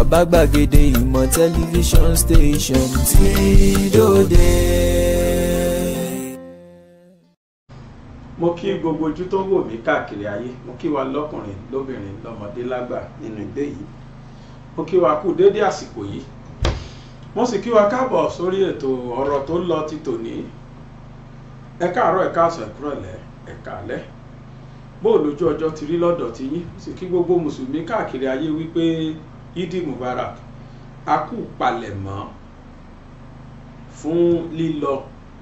bàbá gbàgede ìmọ̀ tẹlifíṣọ̀n station tí dòde. mo kí gbogbo ojú tó wò mí káàkiri ayé mo kí wa lọ́kùnrin lóbìnrin lọ́mọdé lágbà nínú ìgbé yìí mo kí wa kú déédé àsìkò yìí mo sì kí wa káàbọ̀ sórí ètò ọ̀rọ̀ tó lọ ti tòní ẹ káàárọ̀ ẹ káàsán ẹ kúrọ̀lẹ́ ẹ káalẹ́ bóòlù ojú ọjọ́ ti rí lọ́dọ̀ ti yín sì kí gbogbo mùsùlùmí káàkiri ayé wípé Eid Mubarak a kú palẹ̀mọ́ fún lílọ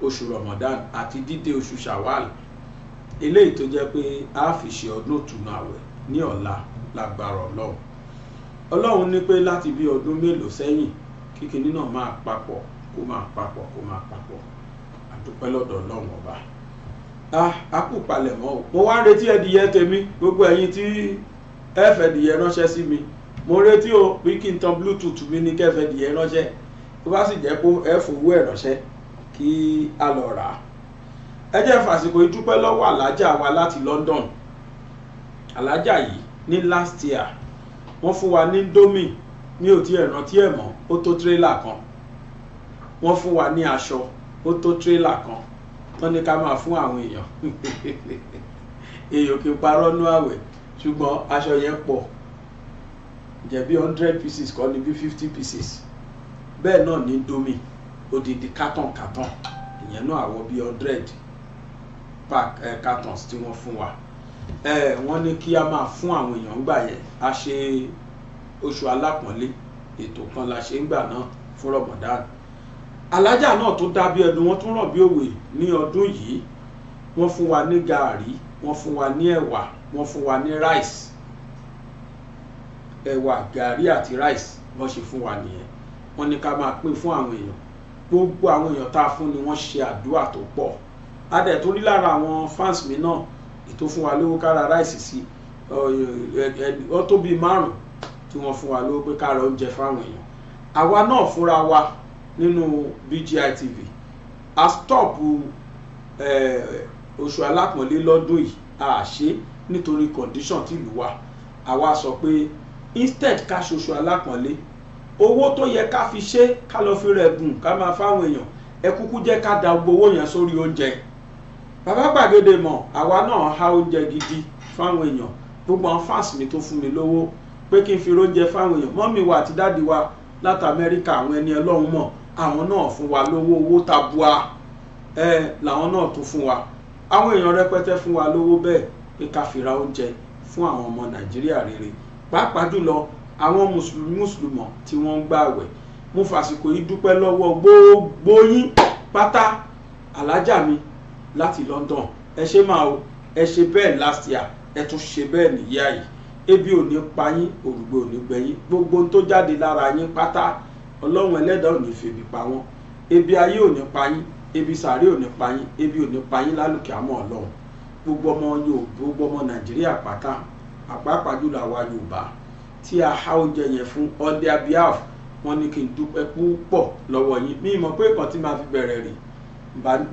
oṣù Ramadan àti dídé oṣù Shawwal eléyìí tó jẹ́ pé a fi ṣe ọdún ìtúnu àwẹ̀ ní ọ̀la lágbára ọlọ́run ọlọ́run ní pé láti bí ọdún mélòó sẹ́yìn kíkiní náà máa papọ̀ kó máa papọ̀ kó máa papọ̀ àdúpẹ́ lọ́dọ̀ ọlọ́run ọba a kú palẹ̀mọ́ o mo wá retí ẹdìyẹ tèmi gbogbo ẹ̀yin tí ẹ fẹ́ ẹdìyẹ ránṣẹ́ sí mi mo retí o pé kí n tan bluetooth mi ní kẹfẹ dìé ránṣẹ́ tó bá sì jẹ́ pé ẹ fowó ẹ̀ ránṣẹ́ kí a lọ rà á ẹ jẹ́ fàsìkò ìdúpẹ́ lọ́wọ́ alájà wa láti London alájà yìí ní last year wọ́n fún wa ní domi mi ò tiẹ̀ rántí ẹ̀ mọ́ ó tó tírélà kan wọ́n fún wa ní aṣọ ó tó tírélà kan tán ní ká máa fún àwọn èèyàn èèyàn kì í parọ́ nú àwẹ̀ ṣùgbọ́n aṣọ yẹn pọ̀ jẹ̀bi hundred pieces kọ́ ni bí fifty pieces bẹ́ẹ̀ náà ní domi odidi carton carton ìyẹn náà àwọ̀ bíi hundred pack eh, cartons tí wọ́n fún wa eh, wọ́n ní kí a máa fún àwọn èèyàn gbà yẹn a ṣe oṣù alápọ̀nlé ètò kan la ṣe ń gbà náà fún Ramadan alájà náà tó dábí ẹdun wọn tún rọ̀ bí òwe ní ọdún yìí wọ́n fún wa ní gàárì wọ́n fún wa ní ẹ̀wà wọ́n fún wa ní ráìsì ẹ̀wà gàrí àti ráìsì bọ́n ṣe fún wa nìyẹn wọ́n ní ká máa pín fún àwọn èèyàn gbogbo àwọn èèyàn tá a fún ni wọ́n ṣe àdúrà tó pọ̀ adẹ̀ tó rí lára àwọn fans mi náà ètò fún wa lówó kára ráìsì sí ọ tó bíi márùn tí wọ́n fún wa lówó pé kára oúnjẹ fáwọn èèyàn àwa náà fúnra wa nínú BGI TV a stop oṣù alápọ̀nlé lọ́dún yìí a ṣe nítorí condition tìlú wa àwa sọ pé instead ká ṣoṣo alápọ̀nlé owó tó yẹ ká fi ṣe ká lọ fi rẹ̀ bùn ká máa fáwọn èèyàn ẹ kúkú jẹ́ ká da gbowó yẹn sórí oúnjẹ bàbá gbàgede mọ̀ àwa náà há oúnjẹ gidi fáwọn èèyàn gbogbo àwọn fans mi tó fún mi lówó pé kí n fi róúnjẹ fáwọn èèyàn mọ́mì wa àti dáàdi wa láti amẹ́ríkà àwọn ẹni ọlọ́run mọ̀ àwọn náà fún wa lówó owó tabua ẹ làwọn náà tún fún wa àwọn èèyàn rẹpẹtẹ fún wa lówó bẹ́ẹ̀ pé ká fi ra oúnjẹ fún àwọn ọmọ nàìjíríà rere pàápàá jùlọ àwọn mùsùlùmí mùsùlùmọ̀ tí wọ́n ń gbààwẹ̀ mo fàsìkò yìí dúpẹ́ lọ́wọ́ gbogbo yín pátá alájà mi láti London ẹ ṣe máa o ẹ ṣe bẹ́ẹ̀ last year ẹ tún ṣe bẹ́ẹ̀ nìyá yìí ebi ò ní pa yín òrùgbẹ ò ní gbẹ yín gbogbo tó jáde lára yín pátá ọlọ́run ẹlẹ́dàá ò ní febi pa wọ́n ebi ayé ò ní pa yín ebi sàárè ò ní pa yín ebi ò ní pa yín lálùkẹ́ àmọ́ ọlọ́run gbogbo ọmọ Yorùbá gbogbo ọmọ Nàìjíríà pátá àpapàá jùlọ àwa Yorùbá tí a há oúnjẹ yẹn fún ọdẹ abiaf wọn ní kí n dúpẹ́ púpọ̀ lọ́wọ́ yín mi mọ̀ pé nǹkan tí màá fi bẹ̀rẹ̀ rè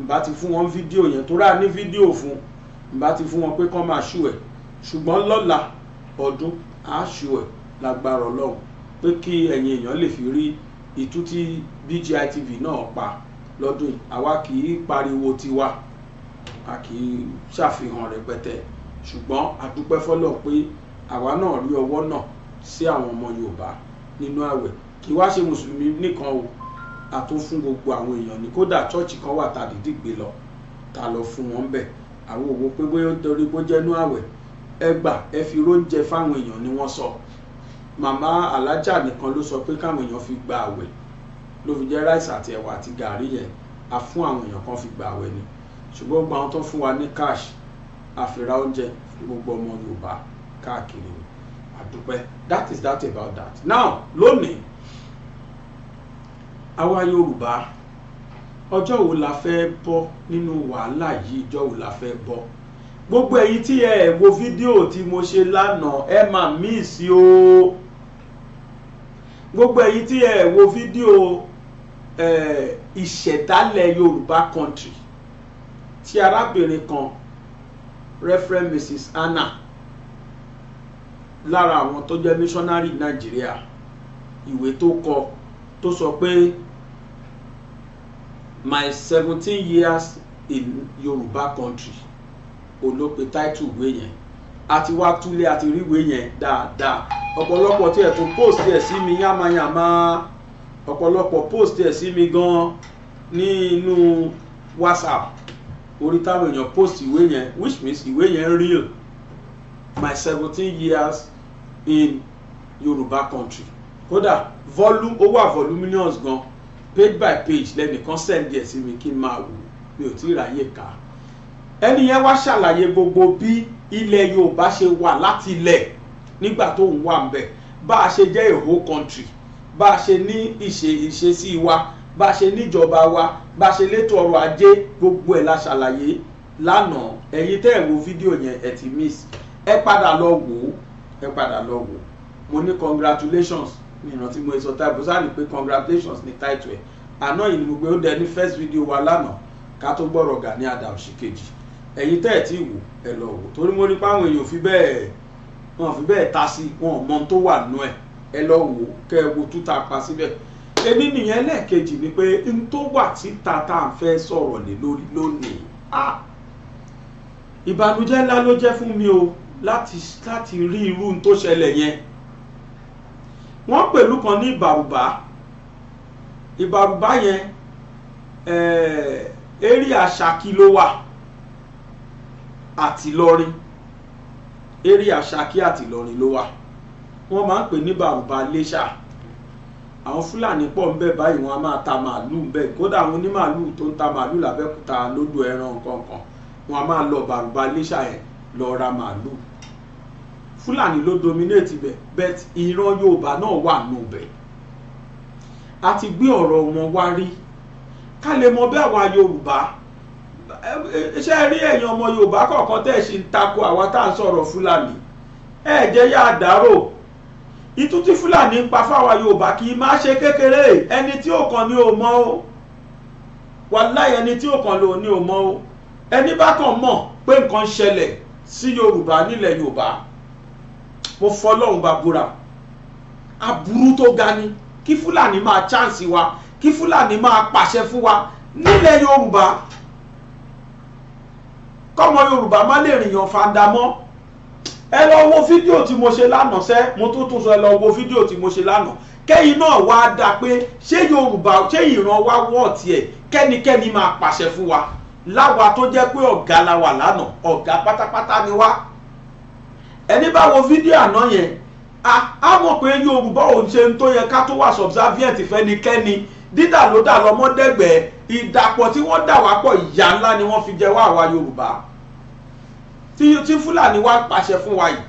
bá ti fún wọn fídíò yẹn tó rà ní fídíò fún bá ti fún wọn pé kán máa ṣù ẹ̀ ṣùgbọ́n lọ́la ọdún á ṣù ẹ̀ lágbára Ọlọ́run pé kí ẹ̀yin èèyàn lè fi rí ìtú tí BGI TV náà pa lọ́dún yìí àwa kì í pariwo tiwa a kì í ṣàfihàn rẹpẹtẹ ṣùgbọ́n a dúpẹ́ fọ́lọ́ pé àwa náà rí ọwọ́ náà sí àwọn ọmọ Yorùbá nínú àwẹ̀ kí wá ṣe mùsùlùmí nìkan o a tún fún gbogbo àwọn èèyàn ní kódà chọ́ọ̀chì kan wà tá a lọ tá lọ fún wọn bẹ̀ àwọn òwò pé bóyá ó torí bó jẹ́ nú àwẹ̀ ẹ gbà ẹ fi róúnjẹ fáwọn èèyàn ni wọ́n sọ màmá alájà nìkan ló sọ pé káwọn èèyàn fi gba àwẹ̀ ló fi jẹ́ ráìsì àti ẹ̀wà àti gàárì yẹn a fún àwọn èèyàn kan fi gba àwẹ̀ ni ṣùgbọ́n gbogbo àwọn tó fún wa ní cash àfìrà oúnjẹ gbogbo ọmọ Yorùbá káàkiri ni àdúpẹ́ that is that about that now lónìí àwa Yorùbá ọjọ́ wo la fẹ́ bọ́ nínú wàhálà yìí ọjọ́ wo la fẹ́ bọ́ gbogbo ẹ̀yin tí ẹ wo fídíò tí mo ṣe lánàá ẹ máa míìsì o gbogbo ẹ̀yin tí ẹ wo fídíò eh, ìṣẹ̀dálẹ̀ Yorùbá country tí arábìnrin kan Reverend Mrs. Anna lára àwọn tó jẹ́ missionary Nàìjíríà ìwé tó kọ tó sọ pé my seventeen years in Yorùbá country olópe title ìwé yẹn àti wá túlé àti ríwé yẹn dáadáa ọ̀pọ̀lọpọ̀ tí ẹ̀ tó post ẹ̀ sí mi yámayàmá ọ̀pọ̀lọpọ̀ post ẹ̀ sí mi gan-an ní WhatsApp orí táwọn your post ìwé yẹn which means ìwé yẹn real my seventeen years in Yorùbá country kódà volume ó wà voluminous gan page by page lẹ́nìkan send ẹ̀ sí mi kí n máa wò mi ò tí ì ráyè kà á ẹni yẹn wá ṣàlàyé gbogbo bí ilẹ̀ Yorùbá ṣe wà láti ilẹ̀ nígbà tó ń wà ń bẹ̀ bá a ṣe jẹ́ èho country bá a ṣe ní ìṣe ìṣesí wa bá a ṣe níjọba wa bá ṣe létò ọrọ̀ ajé gbogbo ẹ̀ la ṣàlàyé lánàá ẹ̀yin tẹ́ ẹ̀ wo fídíò yẹn ẹ̀ ti miss ẹ padà lọ wò ó ẹ padà lọ wò ó mo ní congratulations ní ìrántí mo sọ táì sáà ní pé congratulations ní táìtù ẹ̀ àná yìí ni mo gbé ó dẹ ní first video wa lánàá ká tó gbọ́rọ̀ Gani Adams kejì ẹ̀yin tẹ́ ẹ̀ tí wò ẹ lọ wò torí mo rí pé àwọn èèyàn fi bẹ́ẹ̀ wọn fi bẹ́ẹ̀ ta sí wọn mọ tó wà nù ẹ̀ ẹ lọ wò kẹ́ ẹ wo túta pa síbẹ̀. èmi nìyẹn lẹ́ẹ̀kejì ni pé n tó wà títa tá à ń fẹ́ sọ̀rọ̀ lé lórí lónìí ìbànújẹ́ ńlá ló jẹ́ fún mi o láti láti rí irú n tó ṣẹlẹ̀ yẹn wọ́n pẹ̀lú kan ní ìbàrùbá ìbàrùbá yẹn area eh, Ṣakí ló wà àti lọ́rin area Ṣakí àti lọ́rin ló wà wọ́n máa ń pè ní ìbàrùbá Iléṣà àwọn fúlàní pọ̀ ń bẹ báyìí wọn a máa ta màálùú ń bẹ kódà àwọn onímàálùú tó ń ta màálùú làbẹ́kúta lódò ẹran kankan wọn a máa lọ bàrùbá iléṣà yẹn lọ ra màálùú fúlàní ló dominate ibẹ̀ but ìran yorùbá náà wà nù bẹ̀ a ti gbé ọ̀rọ̀ wọn wá rí ká lè mọ bí àwa yorùbá ṣe rí ẹ̀yin ọmọ yorùbá kọ̀ọ̀kan tẹ̀ ṣe ń takò àwa tá à ń sọ̀rọ̀ fúlàní ẹ̀ jẹ́ yá àdárò itú tí fúlàní ń pa fáwa yorùbá kì í máa ṣe kékeré ẹni tí ó kàn ní o mọ o wàláyé ẹni tí ó kàn lò ní o mọ o ẹni bá kàn mọ̀ pé nǹkan ṣẹlẹ̀ sí yorùbá nílẹ̀ yorùbá mo fọlọ́run bá búra aburú tó ga ni kí fúlàní máa chance wa kí fúlàní máa pàṣẹ fún wa nílẹ̀ yorùbá kọ́mọ yorùbá má lè rìnyàn fanda ẹ lọ wo fídíò tí mo ṣe lánàá sẹ́ mo tún tún sọ ẹ lọ wo fídíò tí mo ṣe lánàá kẹ́yìn náà wá dá pé ṣé yorùbá ṣé ìran wa wọ̀ tiẹ̀ kẹ́nikẹ́ni máa pàṣẹ fún wa láwa tó jẹ́ pé ọ̀gá la wà lánàá ọ̀gá pátápátá ni wá ẹni bá wo fídíò àná yẹn a mọ̀ pé yorùbá òun ṣe ń tó yẹ ká tó wà subservient fẹ́nikẹ́ni dídà ló dà lọ́mọdẹ́gbẹ̀ẹ́ ìdàpọ̀ tí wọ́n dà wá pọ̀ ìyà ńlá ni wọ́n fi jẹ wá àwa yorùbá tí fúlàní wá ń pàṣẹ fún wa yìí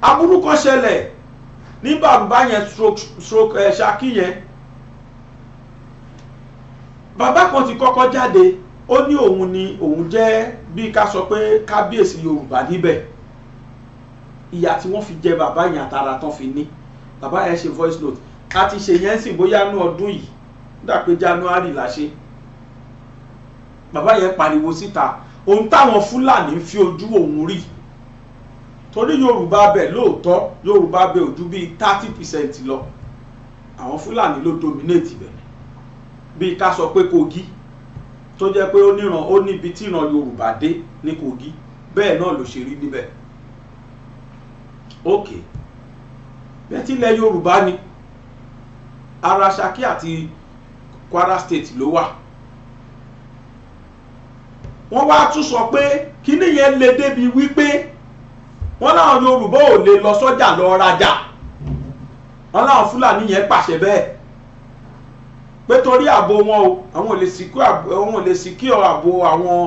aburú kan ṣẹlẹ̀ ní bàbá yẹn stroke ẹ̀ eh, ṣákì yẹn bàbá kan ti kọ́kọ́ jáde ó ní òun ni òun jẹ́ bí ká sọ pé kábíyèsí yorùbá níbẹ̀ ìyà tí wọ́n fi jẹ bàbá yẹn àtàrà tán fi ní bàbá yẹn ṣe voice note a ti ṣe yẹn sìn bóyá ní ọdún yìí dàpé january la ṣe bàbá yẹn pariwo síta ohun táwọn fúlàní ń fi ojú òun rí torí yorùbá bẹ̀ lóòótọ́ yorùbá bẹ̀ ojú bíi thirty percent lọ àwọn fúlàní ló dominate bẹ̀ bíi ká sọ pé kogi tó jẹ́ pé ó níran ó níbi tí ìran yorùbá dé ní kogi bẹ́ẹ̀ náà ló ṣe rí níbẹ̀ ok bẹ́tí ilẹ̀ yorùbá ni ara Ṣakí àti Kwara state ló wà wọ́n wá tún sọ pé kíní yẹn le débi wípé wọ́n láwọn Yorùbá ò lè lọ sọ́jà lọ rajà wọ́n láwọn Fúlàní yẹn pàṣẹ bẹ́ẹ̀ pé torí ààbò wọn o àwọn ò lè síkú ààbò àwọn ò lè síkú ààbò àwọn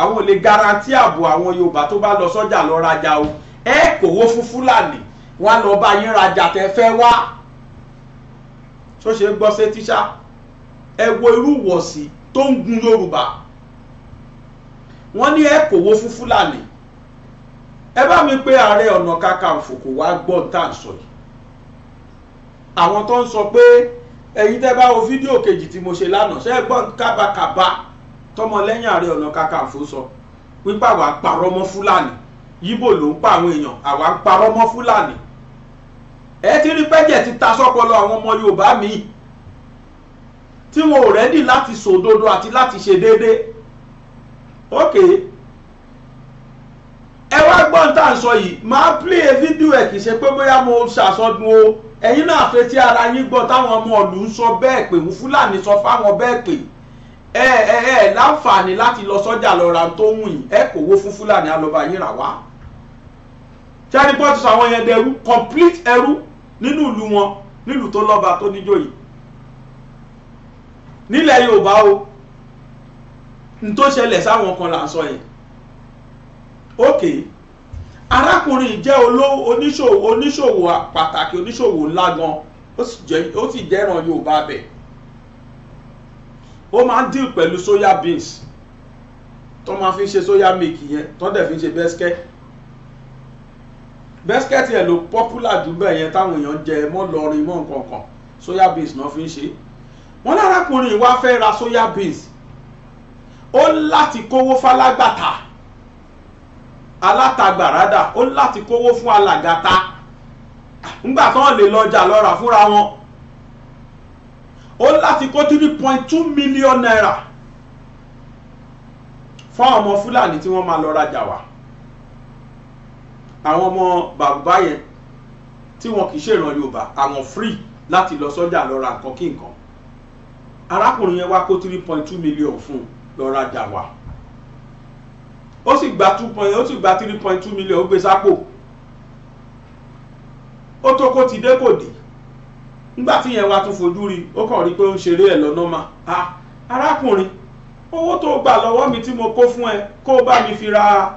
àwọn ò lè garanti ààbò àwọn Yorùbá tó bá lọ sọ́jà lọ rajà o ẹ kòwó fún Fúlàní wá lọ bá yín rajà tẹ́ fẹ́ wá tó ṣe gbọ́ sí tíṣà ẹ wo irú wọ̀sí tó ń gun Yorùbá wọ́n ní ẹ kòwó fún fúlàní ẹ bá mi pé ààrẹ ọ̀nà kakanfò kò wá gbọ́ tá à ń sọ yìí àwọn tó ń sọ pé ẹ̀yin tẹ́ bá wo fídíò kejì tí mo ṣe lánàá ṣe é gbọ́ kábàkàbà tọmọlẹ́yìn ààrẹ ọ̀nà kakanfò sọ pípa àwa parọ́ mọ́ fúlàní yíbò ló ń pa àwọn èèyàn àwa ń parọ́ mọ́ fúlàní ẹ ti rí pẹ́jẹ̀ ti ta sọ́pọlọ àwọn ọmọ yorùbá mi tí wọn ò rẹ́dì láti sòdodo àti láti ṣe déédéé ok ẹ wá gbọ́n tá à ń sọ yìí máa play a video ẹ̀ kì í ṣe pé bóyá mo ṣàsọdún o ẹ̀yin náà fetí ara yín gbọ́ táwọn ọmọ ọ̀lú ń sọ bẹ́ẹ̀ pé ń fúlàní sọ fáwọn bẹ́ẹ̀ pé ẹ ẹ ẹ láǹfààní láti lọ sọ́jà lọ ra tó ń wìn ẹ kò wó fún fúlàní alọ́ba yín rà wá ṣẹ́ni pọ́ọ̀tù sọ àwọn yẹn dẹrú complete ẹrú nínú ìlú wọn nílùú tó lọ́ba tó níjòyè nílẹ̀ Yorùbá o n tó ṣẹlẹ̀ sáwọn kan là ń sọ yẹn ok arákùnrin jẹ́ oníṣòwò oníṣòwò pàtàkì oníṣòwò ńlá gan ó sì jẹ́ràn Yorùbá bẹ̀ ó máa ń deal pẹ̀lú soya beans tó máa fi ń ṣe soya milk yẹn tó dẹ̀ fi ń ṣe bẹ́sikẹ́ bẹ́sikẹ́tì ẹ̀ ló popular jù bẹ́ẹ̀ yẹn táwọn èèyàn jẹ mọ́ lọrin mọ́ nǹkan kan soya beans náà fi ń ṣe wọ́n lárákùnrin wá fẹ́ ra soya beans ó láti kówó falágbàtà alátagbàrádà ó láti kówó fún alàgàtà ńgbà tán lè lọ́jà lọ́ra fúnra wọn ó láti kó three point two million naira fún àwọn ọmọ fúlàní tí wọ́n máa lọ rajà wá àwọn ọmọ bàbá yẹn tí wọn kì í ṣèràn yorùbá àwọn free láti lọ sọ́jà lọ ra nǹkan kí nǹkan arákùnrin yẹn wá kó three point two million fún un lọ rajà wà ó sì gba two point ó sì gba three point two million ó gbé sápò ó tó kó ti dé kò dé nígbà tí yẹn wá tún fojú rí ó kàn rí pé ó ń ṣeré ẹ̀ lọ́nà mà á arákùnrin owó tó gbà lọ́wọ́ mi tí mo kó fún ẹ kó o bá mi fi ra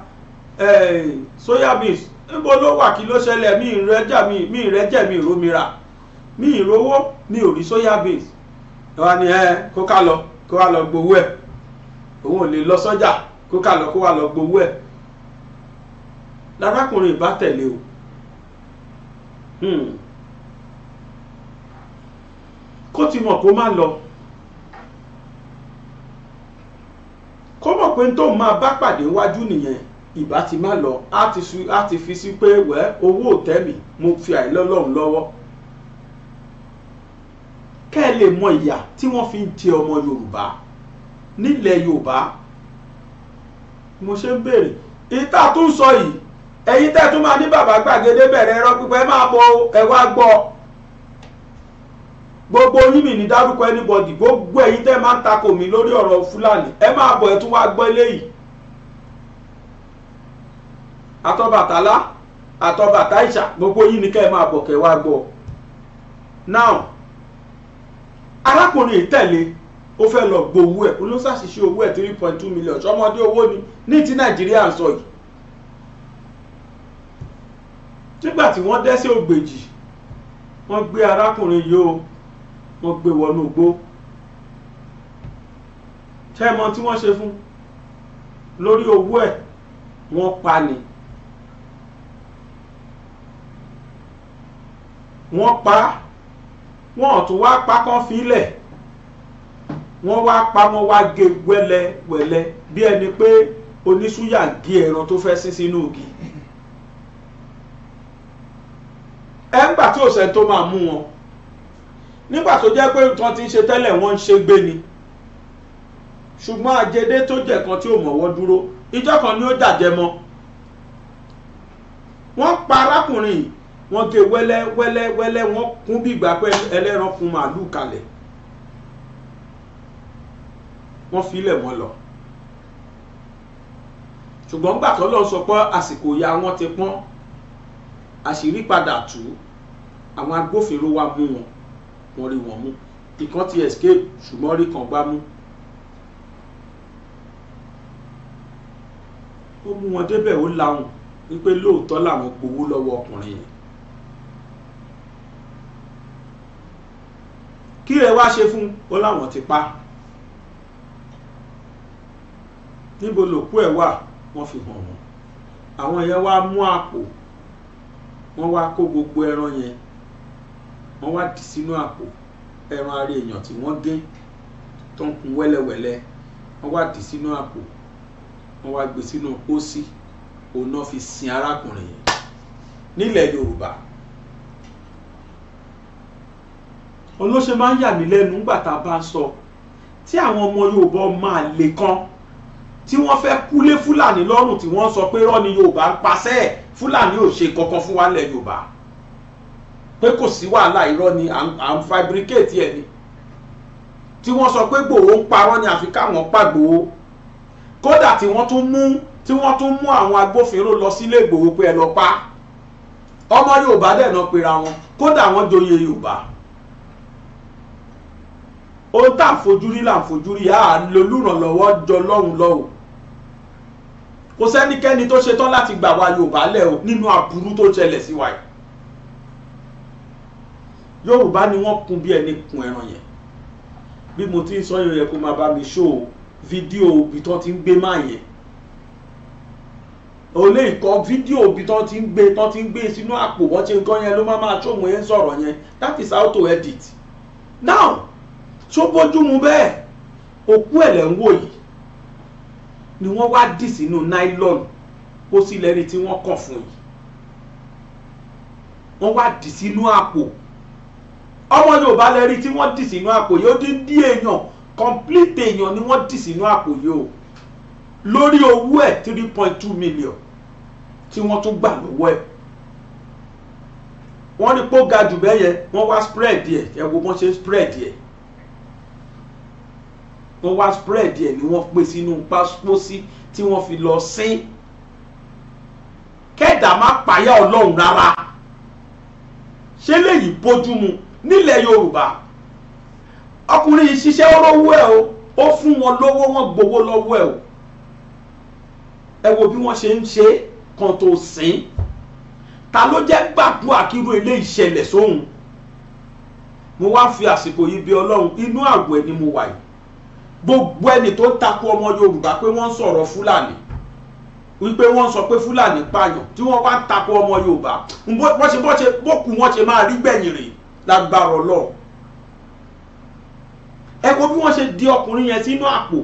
soya beans níbo ló wà kí ló ṣẹlẹ̀ mi ìrẹ́jà mi ìrẹ́jẹ̀ mi ìrómira mi ìrówó mi ò rí soya beans ẹ wá ẹ kó ká lọ kó wá lọ gbowó ẹ̀ òun ò lè lọ sọ́jà kó kà lọ kó wà lọ gbowó ẹ̀ lárákùnrin ìbá tẹ̀lé o hmm. kó ti mọ̀ kó má lọ kó mọ̀ pé tó máa bá pàdé wájú nìyẹn ìbá ti má lọ á ti fi sí pé wẹ́ owó òtẹ́mi mo fi àìlọ́lọ́run lọ́wọ́ kẹ́ ẹ lè mọ ìyà tí wọ́n fi ń jẹ ọmọ Yorùbá. nílẹ̀ yorùbá mo ṣe ń béèrè ìta tó ń sọ yìí ẹ̀yin tẹ́ tún máa ní bàbá gbàgede bẹ̀rẹ̀ ẹ̀rọ pípẹ́ máa bọ ẹwà gbọ́ gbogbo yín mi ní dárúkọ anybody gbogbo ẹ̀yin tẹ́ máa ń takò mí lórí ọ̀rọ̀ fúlàní ẹ máa bọ̀ ẹ tún wá gbọ́ eléyìí àtọbàtálá àtọbàtáìṣà gbogbo yín ni kẹ́ ẹ máa bọ̀ kẹ́ wá gbọ́ now arákùnrin ìtẹ̀lé ó fẹ́ lọ gbowó ẹ̀ ó ló ṣàṣìṣe owó ẹ̀ three point two million ṣọmọdé owó ni ní ti nàìjíríà ń sọ yìí nígbà tí wọ́n dẹ́sẹ̀ ògbèjì wọ́n gbé arákùnrin yìí o wọ́n gbé wọnú igbó tẹ́mọ tí wọ́n ṣe fún lórí owó ẹ̀ wọ́n pa ni wọ́n pa wọ́n tún wá pa kán wọ́n wá pa wọ́n wá gé wẹ́lẹ́wẹ́lẹ́ bí ẹni pé oníṣúyà gé ẹran tó fẹ́ sín sínú ògì ẹ ń gbà tí òsè tó máa mú wọn nígbà tó jẹ́ pé nǹkan ti ń ṣe tẹ́lẹ̀ wọ́n ń ṣe gbé ni ṣùgbọ́n àjẹdé tó jẹ́ kan tí ò mọ̀wọ́ dúró ìjọ kan ni ó dàjẹ́ mọ́ wọ́n pa arákùnrin wọ́n gé wẹ́lẹ́wẹ́lẹ́wẹ́lẹ́ wọ́n kún bí ìgbà pé ẹlẹ́ran kun màálù kalẹ̀ wọ́n filẹ̀ wọn lọ ṣùgbọ́n gbà tó lọ́n sọ pé àsìkò ya wọn ti pọ́n àṣírí padà tú àwọn agbófinró wa mú wọn wọ́n rí wọn mú ìkan ti escape ṣùgbọ́n rí kan gbá mú ó mú wọn débẹ̀ ó lahùn wípé lóòótọ́ làwọn gbowó lọ́wọ́ ọkùnrin yẹn kí ẹ wá ṣe fún ó láwọn ti pa á. níbo lòkú ẹ̀ wà wọ́n fi hàn wọ́n àwọn yẹn wá mú àpò wọ́n wá kó gbogbo ẹran yẹn wọ́n wá dì sínú àpò ẹran ara èèyàn tí wọ́n gé tó ń kun wẹ́lẹ́wẹ́lẹ́ wọ́n wá dì sínú àpò wọ́n wá gbé sínú pósí òun náà fi sin arákùnrin yẹn nílẹ̀ Yorùbá olóṣè máa ń yà mí lẹ́nu nígbà tá a bá sọ tí àwọn ọmọ Yorùbá máa le kan tí wọ́n fẹ́ kúlé fúlàní lọ́rùn tí wọ́n sọ pé rọ́ ni yorùbá ń paṣẹ́ ẹ̀ fúlàní ò ṣe kankan fún wa lẹ̀ yorùbá pé kò sí wàhálà irọ́ ni à ń fabricate ẹ̀ ni tí wọ́n sọ pé gbòòó ń parọ́ ni àfi káwọn pàgbòó kódà tí wọ́n tún mú tí wọ́n tún mú àwọn agbófinró lọ sílé gbòòó pé ẹ lọ pa ọmọ yorùbá dẹ̀ náà pera wọn kódà wọ́n joyè yorùbá ohun tá à ń fojú là ń fojú rí à ń lolúrànlọ́wọ́ jọ lọ́hùn kò sẹ́nikẹ́ni tó ṣetán láti gbà wá yorùbá lẹ̀ o nínú aburú tó ṣẹlẹ̀ sí wa yorùbá ni wọ́n kun bí ẹni kun ẹran yẹn bí mo ti ń sọ yẹn kó máa bá mi ṣó o fídíò ibi ti ń gbé máa yẹn o lè fídíò ibi ti ń gbé tán ti ń gbé sínú àpò wọ́n ṣe nǹkan yẹn ló máa máa ṣóhun yẹn sọ̀rọ̀ yẹn that is how to edit now ṣó bójú mu bẹ́ẹ̀ òkú ẹ̀ lẹ́ ń wò yìí ni wọ́n wá dì sínú nylon kó sì lẹ́ni tí wọ́n kàn fún yìí wọ́n wá dì sínú àpò ọmọ Yorùbá lẹ́rí tí wọ́n dì sínú àpò yìí ó dín dí èèyàn complete èèyàn ni wọ́n dì sínú àpò yìí o lórí owó ẹ̀ three point two million tí wọ́n tún gbà lọ́wọ́ ẹ̀ wọ́n ní pé ga jù bẹ́ẹ̀ yẹn wọ́n wá spread ẹ̀ ẹ̀ wo bọ́n ṣe spread ẹ̀ wọ́n wá spread ẹ̀ ni wọ́n pè sínú páspósí tí wọ́n fi lọ sí kẹ́dà má payá ọlọ́run rárá ṣé léyìí bójú mu nílẹ̀ yorùbá ọkùnrin yìí ṣiṣẹ́ olówó ẹ̀ o ó fún wọn lówó wọn gbowó lọ́wọ́ ẹ̀ o ẹ wo bí wọ́n ṣe ń ṣe kan tó sìn ta ló jẹ́ gbàdúrà kírú ilé ìṣẹ̀lẹ̀ sóhun mo wá fi àsìkò yìí bí ọlọ́run inú àgọ́ ẹ̀ ni mo wà yìí gbogbo ẹni tó ń takò ọmọ yorùbá pé wọ́n ń sọ̀rọ̀ fúlàní wípé wọ́n sọ pé fúlàní pààyàn tí wọ́n wá ń takò ọmọ yorùbá bó ṣe bó ṣe bó kù wọ́n ṣe máa rí gbẹ̀yìn rè lágbára ọlọ́run ẹ kó bí wọ́n ṣe di ọkùnrin yẹn sínú àpò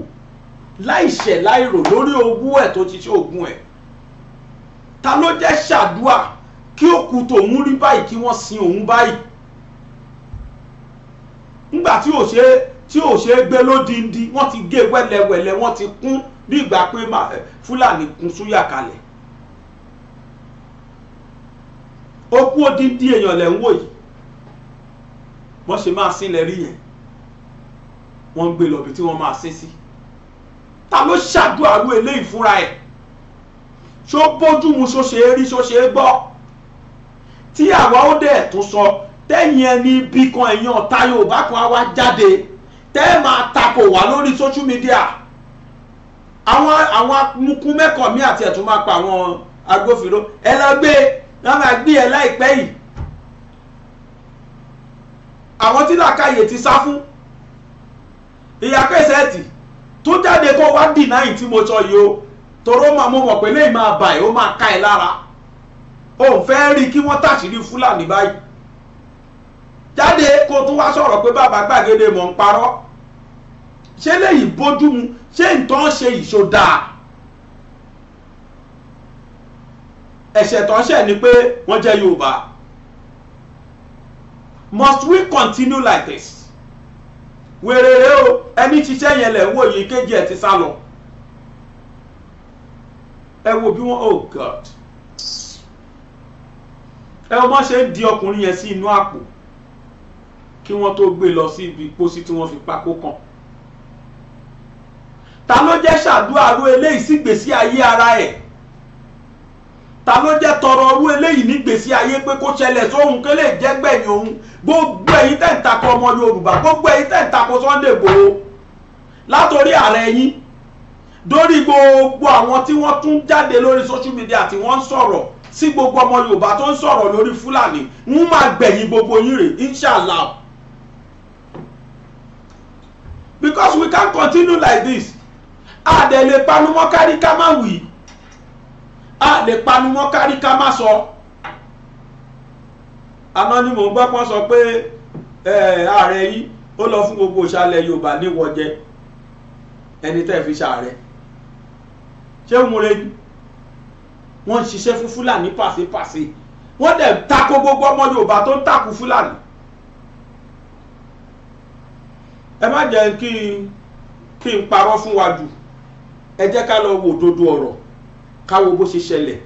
láìṣẹ̀ láìrò lórí ogún ẹ̀ tó ti ṣe ogún ẹ̀ ta ló jẹ́ ṣàdúà kí òkú tòun rí báyìí kí wọ́n sin òun báyìí nígbà tí ò ṣe tí ò ṣe é gbé lódindi wọ́n ti gé wẹ́lẹ́wẹ́lẹ́ wọ́n ti kún bí ìgbà pé eh, fúlàní kun súyà kalẹ̀ okú odindi èèyàn lẹ̀ ń wò yìí wọ́n ṣe máa sílẹ̀ rí yẹn wọ́n ń gbé lọ́bi tí wọ́n máa sí sí ta ló ṣàdúrà ru eléyìí fúnra ẹ̀ ṣó bójú mu ṣó ṣe é rí ṣó ṣe é gbọ́ tí àwa ó dẹ̀ tún sọ tẹ́yìn ẹni ibi kan ẹ̀yàn ọ̀tá Yorùbá kan á wá jáde tẹ́ ẹ máa takò wá lórí social media àwọn àwọn amukú mẹ́kọ̀ mi àti ẹ̀tún máa pa àwọn agbófinró ẹ lọ gbé wọn máa gbé ẹ láìpẹ́ yìí àwọn tí làkàyè ti sá fún ìyá kẹsẹ̀tì tó jáde kó wá dì náà tí mo sọ yìí o toró máa mo mọ̀ pé lẹ́yìn máa bà ẹ́ ó máa ká ẹ lára òun fẹ́ rí kí wọ́n tàṣírí fúlàní báyìí jáde kó tún wá sọ̀rọ̀ pé bàbá gbàgede mọ̀ ń parọ́ ṣé lẹ́yìn bójú mu ṣé nǹkan ṣe ìṣòdà ẹ̀ṣẹ̀ tó ń ṣẹ̀ ni pé wọ́n jẹ́ Yorùbá must we continue like this wèrèrè o ẹni ṣiṣẹ́ yẹn lẹ̀ ń wò yìí kéjì ẹ̀ ti sá lọ ẹ wo bí wọ́n oh God ẹ wọ́n mọ̀ ṣe ń di ọkùnrin yẹn sí inú àpò kí wọ́n tó gbé lọ sí ibi pósí tí wọ́n fi pákó kàn ta ló jẹ́ ṣàdúràrú eléyìí sí gbèsè ayé ara ẹ̀ ta ló jẹ́ tọrọ ọrú eléyìí ní gbèsè ayé pé kó ṣẹlẹ̀ sóhun kélé jẹ́gbẹ̀yìn òun gbogbo ẹ̀yin tẹ̀ ọmọ Yorùbá gbogbo ẹ̀yin tẹ̀ Sunday Igboho látòrí ààrẹ yín dórí gbogbo àwọn tí wọ́n tún jáde lórí social media tí wọ́n ń sọ̀rọ̀ sí gbogbo ọmọ Yorùbá tó ń sọ̀rọ̀ lórí Fúlàní ń máa gbẹ̀yìn gbogbo yín rè inshallah because we can continue like this a dẹ̀ lè panu mọ́ kárí ká má wì a lè panu mọ́ kárí ká má sọ àná ni mò ń gbọ́ pọ́n sọ pé ààrẹ yìí ó lọ fún gbogbo ìsàlẹ̀ Yorùbá níwọ̀jẹ ẹni tẹ́ fi ṣàárẹ̀ ṣé òmùrẹ́ wọ́n ń ṣiṣẹ́ fún Fúlàní pàṣípàṣí wọ́n dẹ̀ takò gbogbo ọmọ Yorùbá tó ń takò Fúlàní ẹ má jẹ́ kí n kí n parọ́ fún wa jù ẹ jẹ́ ká lọ wo òdodo ọ̀rọ̀ ká wo bó ṣe ṣẹlẹ̀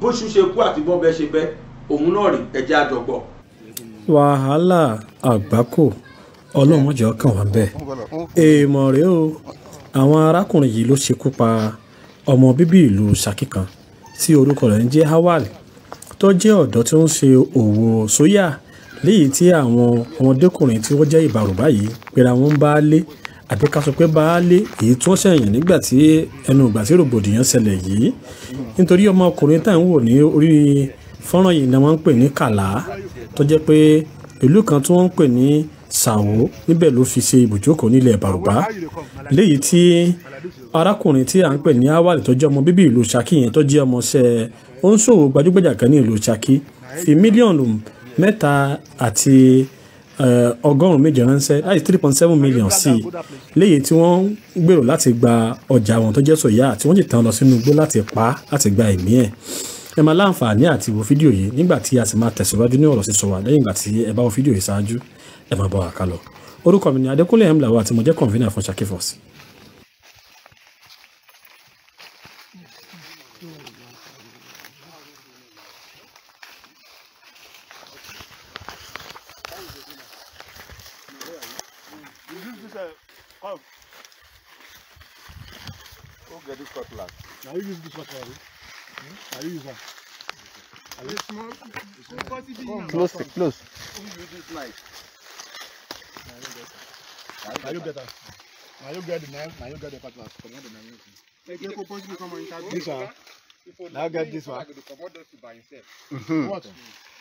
bó ṣu ṣe kú àti bọ́n bẹ́ ṣe bẹ́ òun náà rí ẹ jẹ́ àjọgbọ́. wàhálà àgbákò ọlọ́run mọ̀jọ́ kàn wá bẹ́ẹ̀ èèmọ̀ rèé o àwọn arákùnrin yìí ló ṣekú pa ọmọ bíbí ìlú Ṣakí kan tí orúkọ rẹ̀ ń jẹ́ Hawal tó jẹ́ ọ̀dọ́ tí ó ń ṣe òwò sóyà léyìí tí àwọn ọmọdékùnrin tí wọ́n jẹ́ ìbàrùbá yìí pera wọn bá lé àbí ká sọ pé baálé èyí tó ṣẹ̀yìn nígbà tí ẹnu ìgbà tí rògbòdìyàn ṣẹlẹ̀ yìí nítorí ọmọkùnrin tá à ń wò ní orí fọ́nrán yìí ni wọ́n ń pè ní kàlá tó jẹ́ pé ìlú kan tí wọ́n ń pè ní sàwó níbẹ̀ ló fi ṣe ibùjókòó nílẹ̀ bàbá léyìí tí arákùnrin tí à ń pè ní awali tó jẹ́ ọmọ bíbí ìlú Ṣakí yẹn tó jẹ́ ọmọọṣẹ́ ó ń ṣòwò gbajúgbajà kan ní ìlú Ṣakí fi mílíọ̀nù mẹ́ta àti Eh, ọgọ́rùn-ún méje ránṣẹ́ láti three point seven million sí i léyìí tí wọ́n ń gbèrò láti gba ọjà àwọn tó jẹ́ sọ̀yà tí wọ́n sì tàn lọ sínú igbó láti pa á láti gba ẹ̀mí ẹ̀ ẹ máa láǹfààní àti wo fídíò yìí nígbà tí a sì máa tẹ̀síwájú ní ọ̀rọ̀ sísọ wa lẹ́yìn ìgbà tí ẹ bá wo fídíò yìí ṣáájú ẹ máa bọ̀ àkàlọ̀ orúkọ mi ni Adékúnlé Mlawat àti mo jẹ́ convener fún Shaki Force close it, close. Who use this knife? Now you get it. Now you get the knife. Now you get the part last. Come on, the knife. Take it. Propose come and interview. This one. Now get this one. Commode us by himself. What?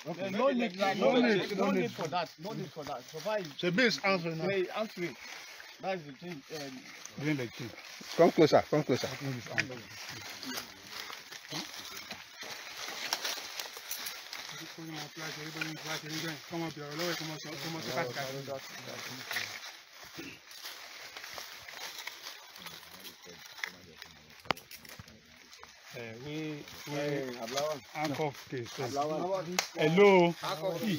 Okay. No, no need, like, no, no, need, no need for that. No need for that. Survive. Shebi is answering now. Hey, answering. That's the thing. Um, Doing the thing. Come closer. Come closer. Come closer. kó ní máa fi aṣọ rí bóyá ìfúra ṣe rí bẹ́ẹ̀ kọ́ máa bẹ̀rẹ̀ lọ́wọ́ ìkọ́mọ sọ kó máa sọ káàkiri. Uh, we we anchor the stress. Hello. Hey,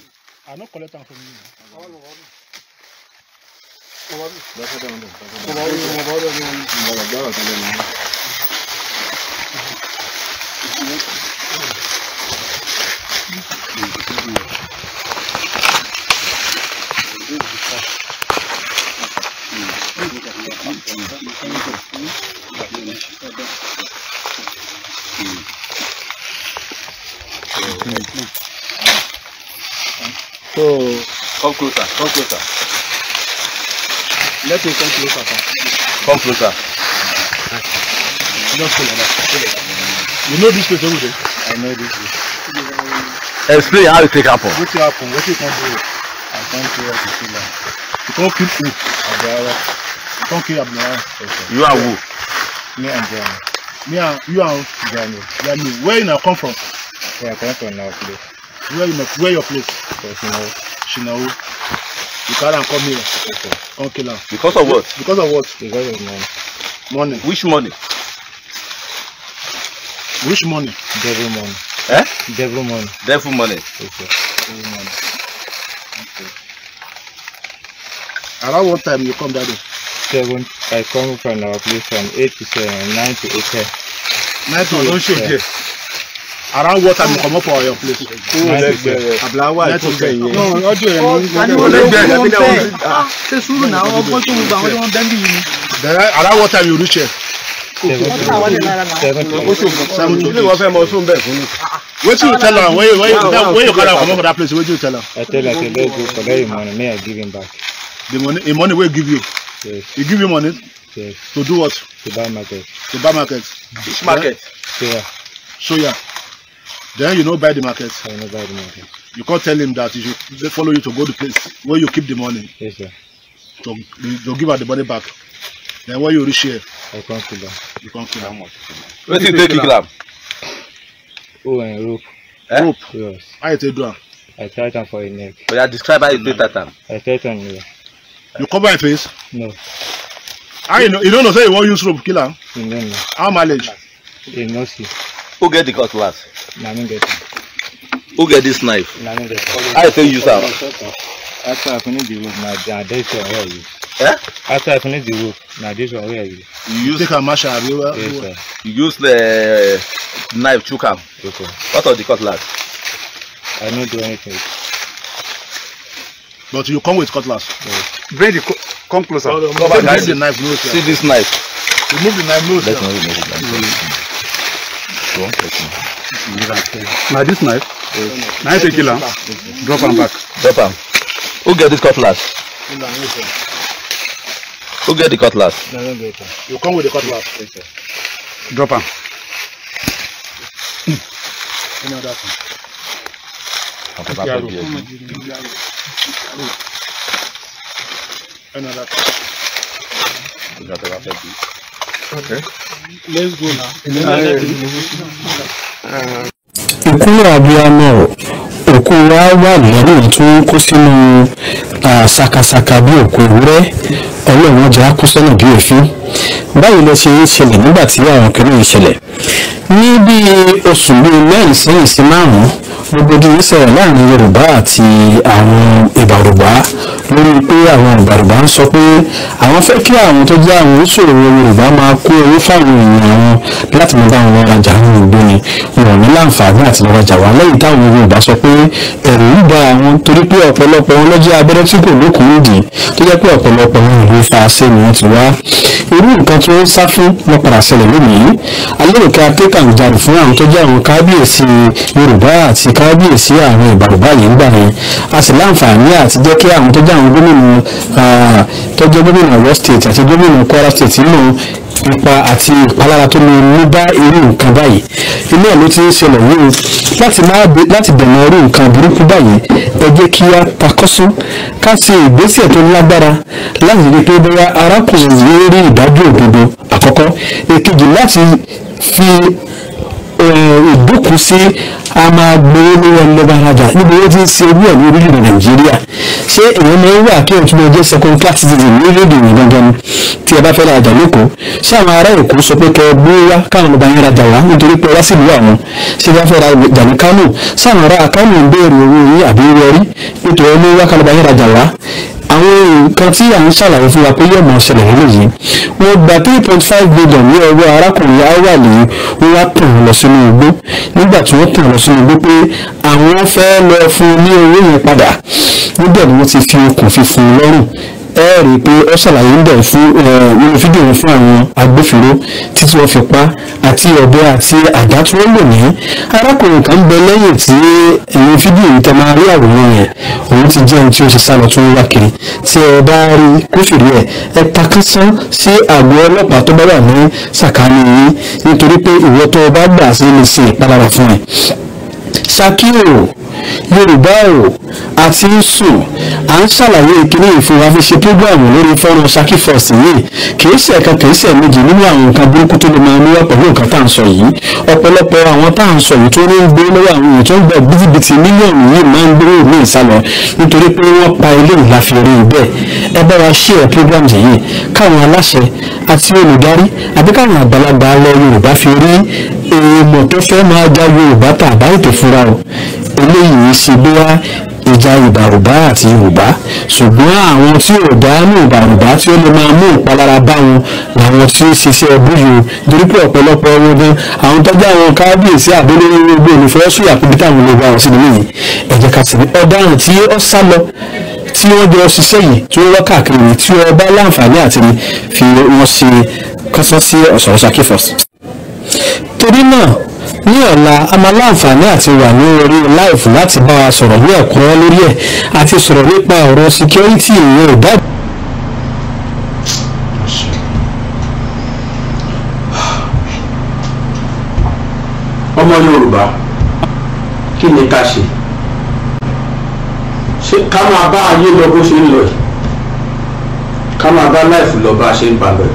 ah, Come closer, come closer. Let me come closer. Come closer. Just pull it up. You know this person, don't I know this place. Explain how it take happen. What you happen? What you can do? I can't come to the killer. You come keep who? Abdullah. You come kill Abdullah. You are who? Me and Jami. Me and you are Jami. Jami, where you now come from? Yeah, I come from now place. Where you where your place? Because you Chinao. You can't come here. Okay. Come kill her. Because of what? Because of what? Because of money. Money. Which money? Which money? Devil money. Eh? Devil money. Devil money. Okay. Devil money. Okay. Around what time you come Daddy? Seven. I come from our place from eight to seven, nine to eight. Nine to eight. Nine do Don't shoot here. around water mi comot for your place. kúrò lẹ́gbẹ̀ẹ́ abúláwà tó gbẹ̀yìn. ọjọ́ rẹ̀ mo ń gbọ́ lẹ́gbẹ̀ẹ́ àti náà wọ́n Ah, ṣé sùúrù náà wọ́n gbọ́ tó ń gba àwọn tí wọ́n bẹ́ẹ̀ bí yìí ni. bẹ̀rẹ̀ around water mi ò rí chẹ̀. Seventy one fẹ́ mọ sún bẹ́ẹ̀ fún mi. Wetin you tell am when you when you when you carry am comot for that place wetin you tell am. I tell am say let go collect im money make I give him back. The money im money wey give you. Yes. He give you money. Yes. To do what? To buy market. To buy market. Which market? Soya. Soya. Then you no buy the market. I know buy the market. You can't tell him that he should follow you to go to the place where you keep the money. Yes, sir. To, to give her the money back. Then when you reach here, I can't kill her. You can't kill her. What did you take kill her? Oh, and rope. Eh? Rope. Yes. How you take do I tied him for a neck. But you describe how you take that time. I tied him. neck. You cover my face? No. I ah, you don't know say you want use rope killer? her? No, no. How mileage? A nursing. Who get the cutlass? Na me get it. Who get this knife? Na get it. I tell you sir. After I finish the roof, my na this one where you. Eh? After I finish the roof, na this one where you. You use take a masher you. well. Yes sir. You use the knife to am. Okay. What of the cutlass? I don't do anything. But you come with cutlass. Yes. Bring the come closer. Oh, no, no, no. Bring the knife closer. See this knife. Remove the knife closer. Let's not the knife. one person. na this knife na him take kill am drop am back. drop am who get this cutlass. who get the cutlass. you come with the cutlass. drop am. any other thing. Papa Papa Papa Papa Papa Papa Papa Okay. Let's go now. Ikulu Abiyamo òkú wa wà lọ́rùn tó ń kó sínú ṣàkàṣàkà bí òkú ewúrẹ́ ọlọ́run jẹ́ akúsọ́nà bí òfin báyìí lọ ṣe ń ṣẹlẹ̀ nígbà tí àwọn kìnnì ń ṣẹlẹ̀ ní bíi oṣù bíi mẹ́rin sẹ́yìn sí márùn-ún gbogbo ń sọ̀rọ̀ láàrin yorùbá àti àwọn ìbàrùbá lórí pé àwọn ìbàrùbá ń sọ pé àwọn fẹ́ kí àwọn tó jẹ́ àwọn oníṣòwò yorùbá máa kó owó fáwọn èèyàn wọn láti máa bá wọn rajà nínú ìgbóni wọn ò ní láǹfààní àti lọ́rajà wà lẹ́yìn táwọn yorùbá sọ pé ẹ̀rù ń ba àwọn torí pé ọ̀pọ̀lọpọ̀ wọn lọ́jọ́ abẹ́rẹ́ tí kò lókun dì tó jẹ́ pé ọ̀pọ̀lọpọ̀ wọn ìlú fàáṣe ni wọ́n ti wá irú nǹkan tí wọ́n sá fún wọn padà ṣẹlẹ̀ lónìí alérèké akékàn jàdù fún àwọn tó jẹ́ àwọn kábíyèsí Yorùbá àti kábíyèsí àwọn ìbàrùbá yìí ń gbà yẹn a sì láǹfààní àti jẹ́ kí àwọn tó jẹ́ àwọn gómìnà tó jẹ́ gómìnà Ọ̀yọ́ state àti gómìnà Kwara state nínú ipa àti ìpalára tó lè mú bá irú nǹkan báyìí inú ẹ̀ ló ti ń ṣẹlẹ̀ yìí láti máa láti dènà irú nǹkan burúkú báyìí ẹ jẹ́ kí a takọ́sún ká ṣe ìgbésẹ̀ tó lágbára láti rí i pé bóyá arákùnrin yìí rí ìdájọ́ òdodo àkọ́kọ́ èkejì láti fi Eh, ìdúnkù sí a máa gbowó lọ́wọ́ lọ́ba arajà níbi wọ́n ti ń ṣe owó ẹ̀ ní orílẹ̀-èdè nàìjíríà ṣé èèyàn máa ń wà kí ọ̀tún ọjọ́ second class citizen ní orílẹ̀-èdè yìí gangan ni tí ẹ bá fẹ́ rajà lẹ́kọ̀ọ́ ṣé àwọn ará èkó sọ pé kẹ gbé wá káwọn ọba yẹn rajà wá nítorí pé wá sílùú àwọn ṣé wọ́n fẹ́ ra ọjà ní kánò sáwọn ará kánò ń béèrè owó yín àbí àwọn nǹkan tí à ń ṣàlàyé fún wa pé yóò máa ṣẹlẹ̀ lélẹ́yìí wọ́n gba three point five million ní ọwọ́ arákùnrin awàlì wọ́n wá tàn lọ sínú igbó nígbà tí wọ́n tàn lọ sínú igbó pé àwọn fẹ́ lọ fún ní owó yẹn padà níbẹ̀ ni wọ́n ti fi okùn fífun lọ́rùn ẹ rí i pé ó ṣàlàyé ń bẹ̀ fún nínú fídíò yẹn fún àwọn agbófinró títí wọ́n fi pa àti ọ̀bẹ àti àdá tí wọ́n lò ní. arákùnrin kan bẹ lẹ́yìn tí ẹ̀yin fídíò yìí tẹ máa rí àwòrán rẹ̀ òun ti jẹ́ ẹni tí ó ṣe sálọ tó ń wá kiri tí ẹ bá rí kófìrí ẹ̀ ẹ takásán sí àgọ́ ọlọ́pàá tó bá wà ní sàkání yìí nítorí pé ìwọ tó o bá gbà sí lè ṣe ìpalára fún ẹ. Ṣakí o yorùbá o àti ń sùn à ń ṣàlàyé ìkíní ìfúnra fi ṣe pírógbàmù lórí fọ́nrán Saki Fọ́ọ̀sì yìí kì í ṣe ẹ̀ka kì í ṣe méjì nínú àwọn nǹkan burúkú tó lè máa níwá pẹ̀lú nǹkan tá à ń sọ yìí ọ̀pọ̀lọpọ̀ àwọn tá à ń sọ yìí tó ń gbé lọ́wọ́ àwọn èèyàn tó ń gba bìtìbìtì mílíọ̀nù yìí máa ń gbérò ní ìsàlọ̀ nítorí pé wọ́n pa ilé ìlàfẹ́rẹ́ ibẹ̀ ẹ bá wa ṣe ẹ̀ programs yìí káwọn aláṣẹ àti olùdarí àbí káwọn àgbàlagbà alẹ́ yorùbá fi rí èèmọ̀ tó fẹ́ máa já yorùbá tà bá ètò fúnra o eléyìí yìí ṣe bóyá ìjà ìbàrùbá àti yorùbá ṣùgbọ́n àwọn tí ò dá ní ìbàrùbá tí ó lè máa mú ìpalára bá wọn làwọn tí ó ṣiṣẹ́ ẹbí yìí torí pé ọ̀pọ̀lọpọ̀ wọn gan àwọn tọ́jú àwọn kábíyèsí àbólórí gbogbo olùfọwọ́sọ̀yà pé bíi táwọn olùgbà ọ̀sìn nìyí ẹ̀jẹ̀ kàtìmí ọ̀daràn tí ó sá lọ tí wọ́n jọ ṣiṣẹ́ yìí tí wọ́n káàkiri tí wọ́n bá torí náà ní ọ̀la a máa láǹfààní àti wà ní orí live láti bá wa sọ̀rọ̀ ní ẹ̀kúnrẹ́ lórí ẹ̀ àti sọ̀rọ̀ nípa ọ̀rọ̀ security ìyẹn ìdáàbò. ọmọ Yorùbá kí ni ká ṣe ṣé ká máa bá ayé lọ bó ṣe ń lọ ká máa bá láìfù lọ bá ṣe ń balọ̀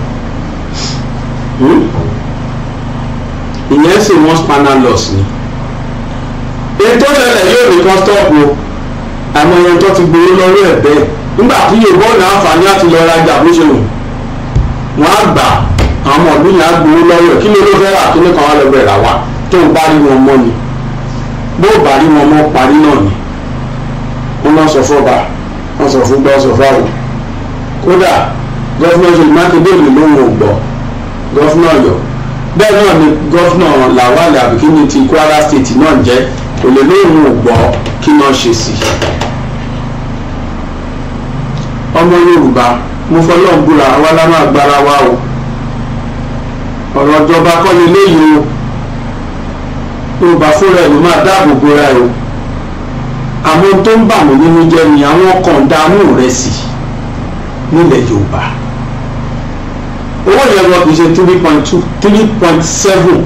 ìyẹn sì wọ́n spinal loss ni èyí tó ṣẹlẹ̀ yóò ní kan stọ́ọ̀pù àmọ́ ẹran tó ti gbowó lọ́wọ́ ẹ̀ bẹ́ẹ̀ nígbà tí yorùbá ọ̀nà àǹfààní àti lọ rajà bó ṣe wù wọ́n á gbà àwọn ọmọ ọdún yẹn á gbowó lọ́wọ́ ẹ̀ kí ló ló fẹ́ rà kí ló kàn wá lọ́wọ́ ẹ̀ rà wá tó ń bá rí wọn mọ́ ni bó bá rí wọn mọ́ parí náà ni wọ́n lọ sọ fún ọba wọ́n sọ fún gbọ́ bẹ́ẹ̀ náà ni gọ́fúnà Lawal Abikini ti Kwara State náà jẹ́ òlélóòrùn ògbọ́ kí náà ṣe sí ọmọ Yorùbá mo fọlọ́n búra wa la máa gbára wa o ọ̀rọ̀ ìjọba kọ́ ni léyìí o Yorùbá fúnra ẹ̀ ló máa dáàbò bora ẹ̀ o àwọn tó ń bà mí nínú jẹ́ ni àwọn kan dààmú rẹ̀ sí nílẹ̀ Yorùbá owó yẹn lọ kìí ṣe three point two three point seven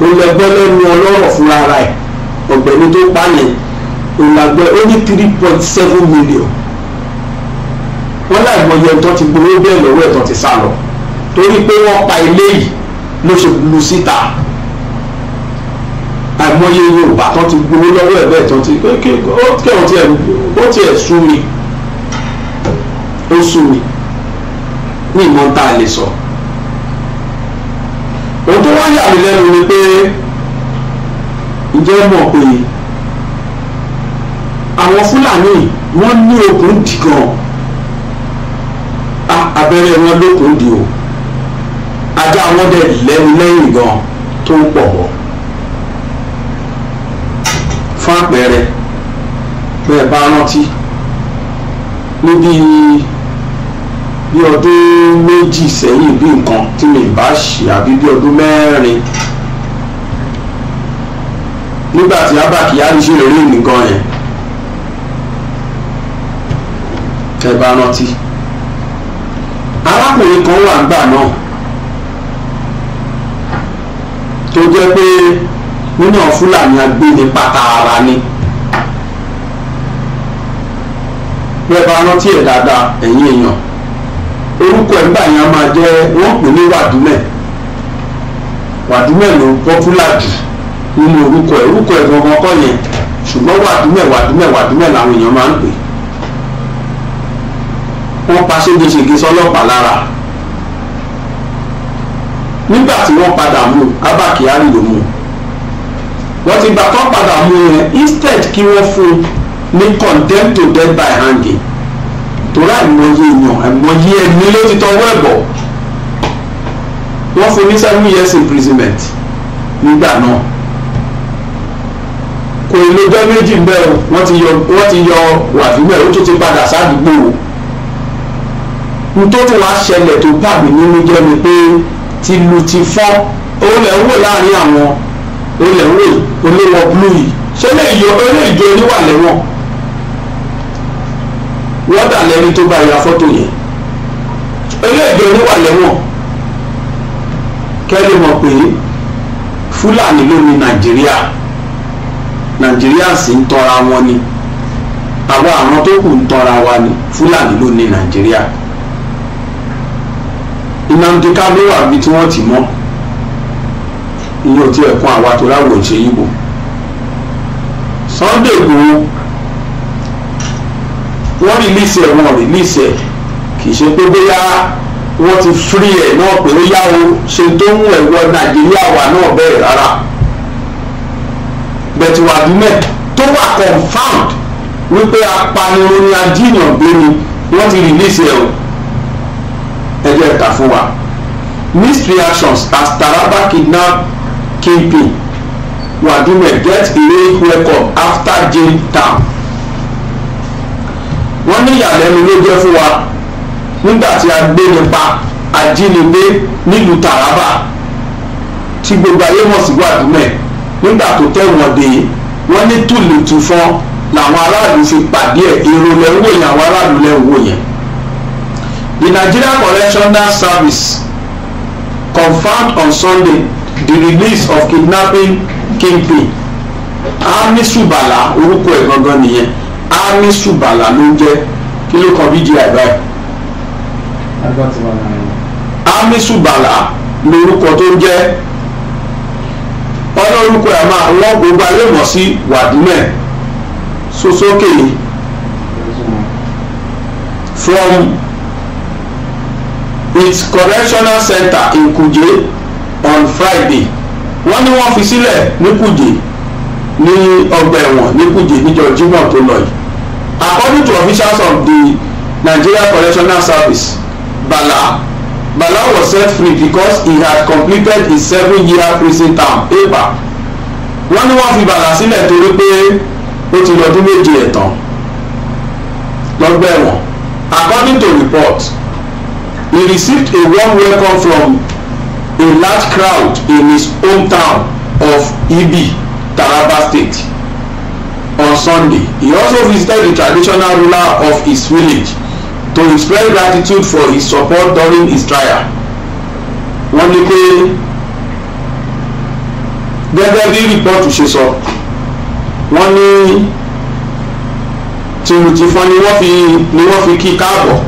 olùgbẹ́ lẹ́nu ọlọ́rọ̀ fúnra ara ẹ̀ ọ̀gbẹ́ni tó pààyàn olùgbẹ́ ó ní three point seven million wọ́n láì mọyẹ tó ti gbowó bẹ́ẹ̀ lọ́wọ́ ẹ̀ tó ti sá lọ torí pé wọ́n pa ilé yìí ló ṣe lu síta àìmọye yorùbá tó ti gbowó lọ́wọ́ ẹ̀ bẹ́ẹ̀ tó ti kẹ́hìn tiẹ̀ ó tiẹ̀ sú mi ó sú mi ní ìmọ̀ tá a lè sọ. So òun tó wá yà mí lẹ́nu ni pé ǹjẹ́ mọ̀ pé àwọn fúlàní wọ́n ní okùn dì gan abẹ́rẹ́ wọn lókùn dì o ajá wọn dẹ̀ lẹ́nu lẹ́yìn gan tó ń pọ̀ bọ̀ fún àpẹẹrẹ bẹ́ẹ̀ bá rántí níbi bí ọdún méjì sẹ́yìn bí nǹkan tí mi bá ṣe àbí bí ọdún mẹ́rin nígbà tí Abba Kyari ṣe lórí nìkan yẹn tẹ bá rántí arákùnrin kan wà nígbà náà tó jẹ́ pé nínú Fúlàní agbéni pátá ni bẹ́ẹ̀ bá rántí ẹ̀ dáadáa ẹ̀yin èèyàn. orúkọ ẹgbà yẹn a máa jẹ́ wọ́n pè ní wàdúmẹ̀ wàdúmẹ̀ ló pọ́pùlà jù nínú orúkọ ẹ orúkọ ẹ̀ gangan kọ́ yẹn ṣùgbọ́n wàdúmẹ̀ wàdúmẹ̀ wàdúmẹ̀ làwọn èèyàn máa ń pè wọ́n pa ségesège sọlọ́pàá lára nígbà tí wọn padà mú Abba Kyari ló mú wọ́n ti gbà tán padà mú yẹn instead kí wọn fún ní condemn to death by hanging torí àìmọye èèyàn àìmọye ẹni ló ti tọwọ́ ẹ̀bọ̀ wọ́n fún ní seven years imprisonment nígbà náà kò ní lọ́jọ́ méjì bẹ́ẹ̀ wọ́n ti yọ wọ́n ti yọ wàfíwẹ̀ ó tún ti padà sádùúgbò ntótó wàá ṣẹlẹ̀ tó bà mí nínú jẹ́ mi pé tìlù ti fọ́ ó lẹ̀ ń wò láàrin àwọn ó lẹ̀ ń wò olówó blue yìí ṣé lè yọ ó lè jọ wọ́dà lẹ́ni tó bá ya fọ́tò yẹn eléèdè oníwà lẹ́wọ̀n kẹ́lẹ́ mọ̀ pé fúlàní ló ní nàìjíríà nàìjíríà sì ń tọ́ra wọn ni àwa àwọn tó kù ń tọ́ra wa ni fúlàní ló ní nàìjíríà Nnamdi Kanu bí tí wọ́n ti mọ́ àwa tó láwùjọ Sunday wọ́n rìlíìsì ẹ̀ wọ́n rìlíìsì ẹ̀ kì í ṣe pé bóyá wọ́n ti fírí ẹ̀ náà pé ó yá o ṣe tó ń wẹ̀ wọ nàìjíríà wà náà bẹ́ẹ̀ rárá bẹ̀tùwà dúmẹ̀ tó wà confirmed wípé apanirun ni ajíyàn gbé ni wọ́n ti rìlíìsì ẹ̀ o ẹ jẹ́ ká fún wa mixed reactions as Taraba kidnap kingpin Wadume get a welcome after jail term wọ́n ní ìyàlẹ́nu ló jẹ́ fún wa nígbà tí a gbé nípa ajínigbé nílùú Taraba tí gbogbo ayé mọ̀ sí Gbàdúmẹ̀ nígbà tó tẹ̀wọ̀n dé wọ́n ní tùlùtù fún làwọn aráàlú fi pàdé ẹ̀ èrò lẹ́wọ̀ yẹn àwọn aráàlú lẹ́wọ̀ yẹn. The Nigerian Correctional Service confirmed on Sunday the release of kidnapping kingpin Hamisu Bala orúkọ ẹ̀ gangan nìyẹn amisu bala ló ń kí ló kan bíjì àìbáyé amisu bala lórúkọ tó ń jẹ́ ọlọ́rùkọ ẹ̀ máa wọ́n gbogbo ayé wàdúmẹ̀ sosókè from its correctional center in Kuje on Friday wọ́n ní wọ́n fi sílẹ̀ ní ní ọgbà ẹ̀wọ̀n ní Kùjì níjọ́ Jímọ̀ tó lọ yìí according to officials of the Nigeria correctional service Bala Bala was set free because he had completed his seven year prison term eba wọ́n ní wọ́n fi Bala sílẹ̀ torí pé ó ti lọ́dún méje ẹ̀ lọ́gbà ẹ̀wọ̀n according to report he received a warm welcome from a large crowd in his hometown of Ibi. Taraba State on Sunday. He also visited the traditional ruler of his village to express gratitude for his support during his trial. Wọ́n ní pé gẹ́gẹ́ bí rìpọ́ọ̀tù ṣe sọ wọ́n ní tìlùtìfọ́n ni wọ́n fi ni wọ́n fi kí káàbọ̀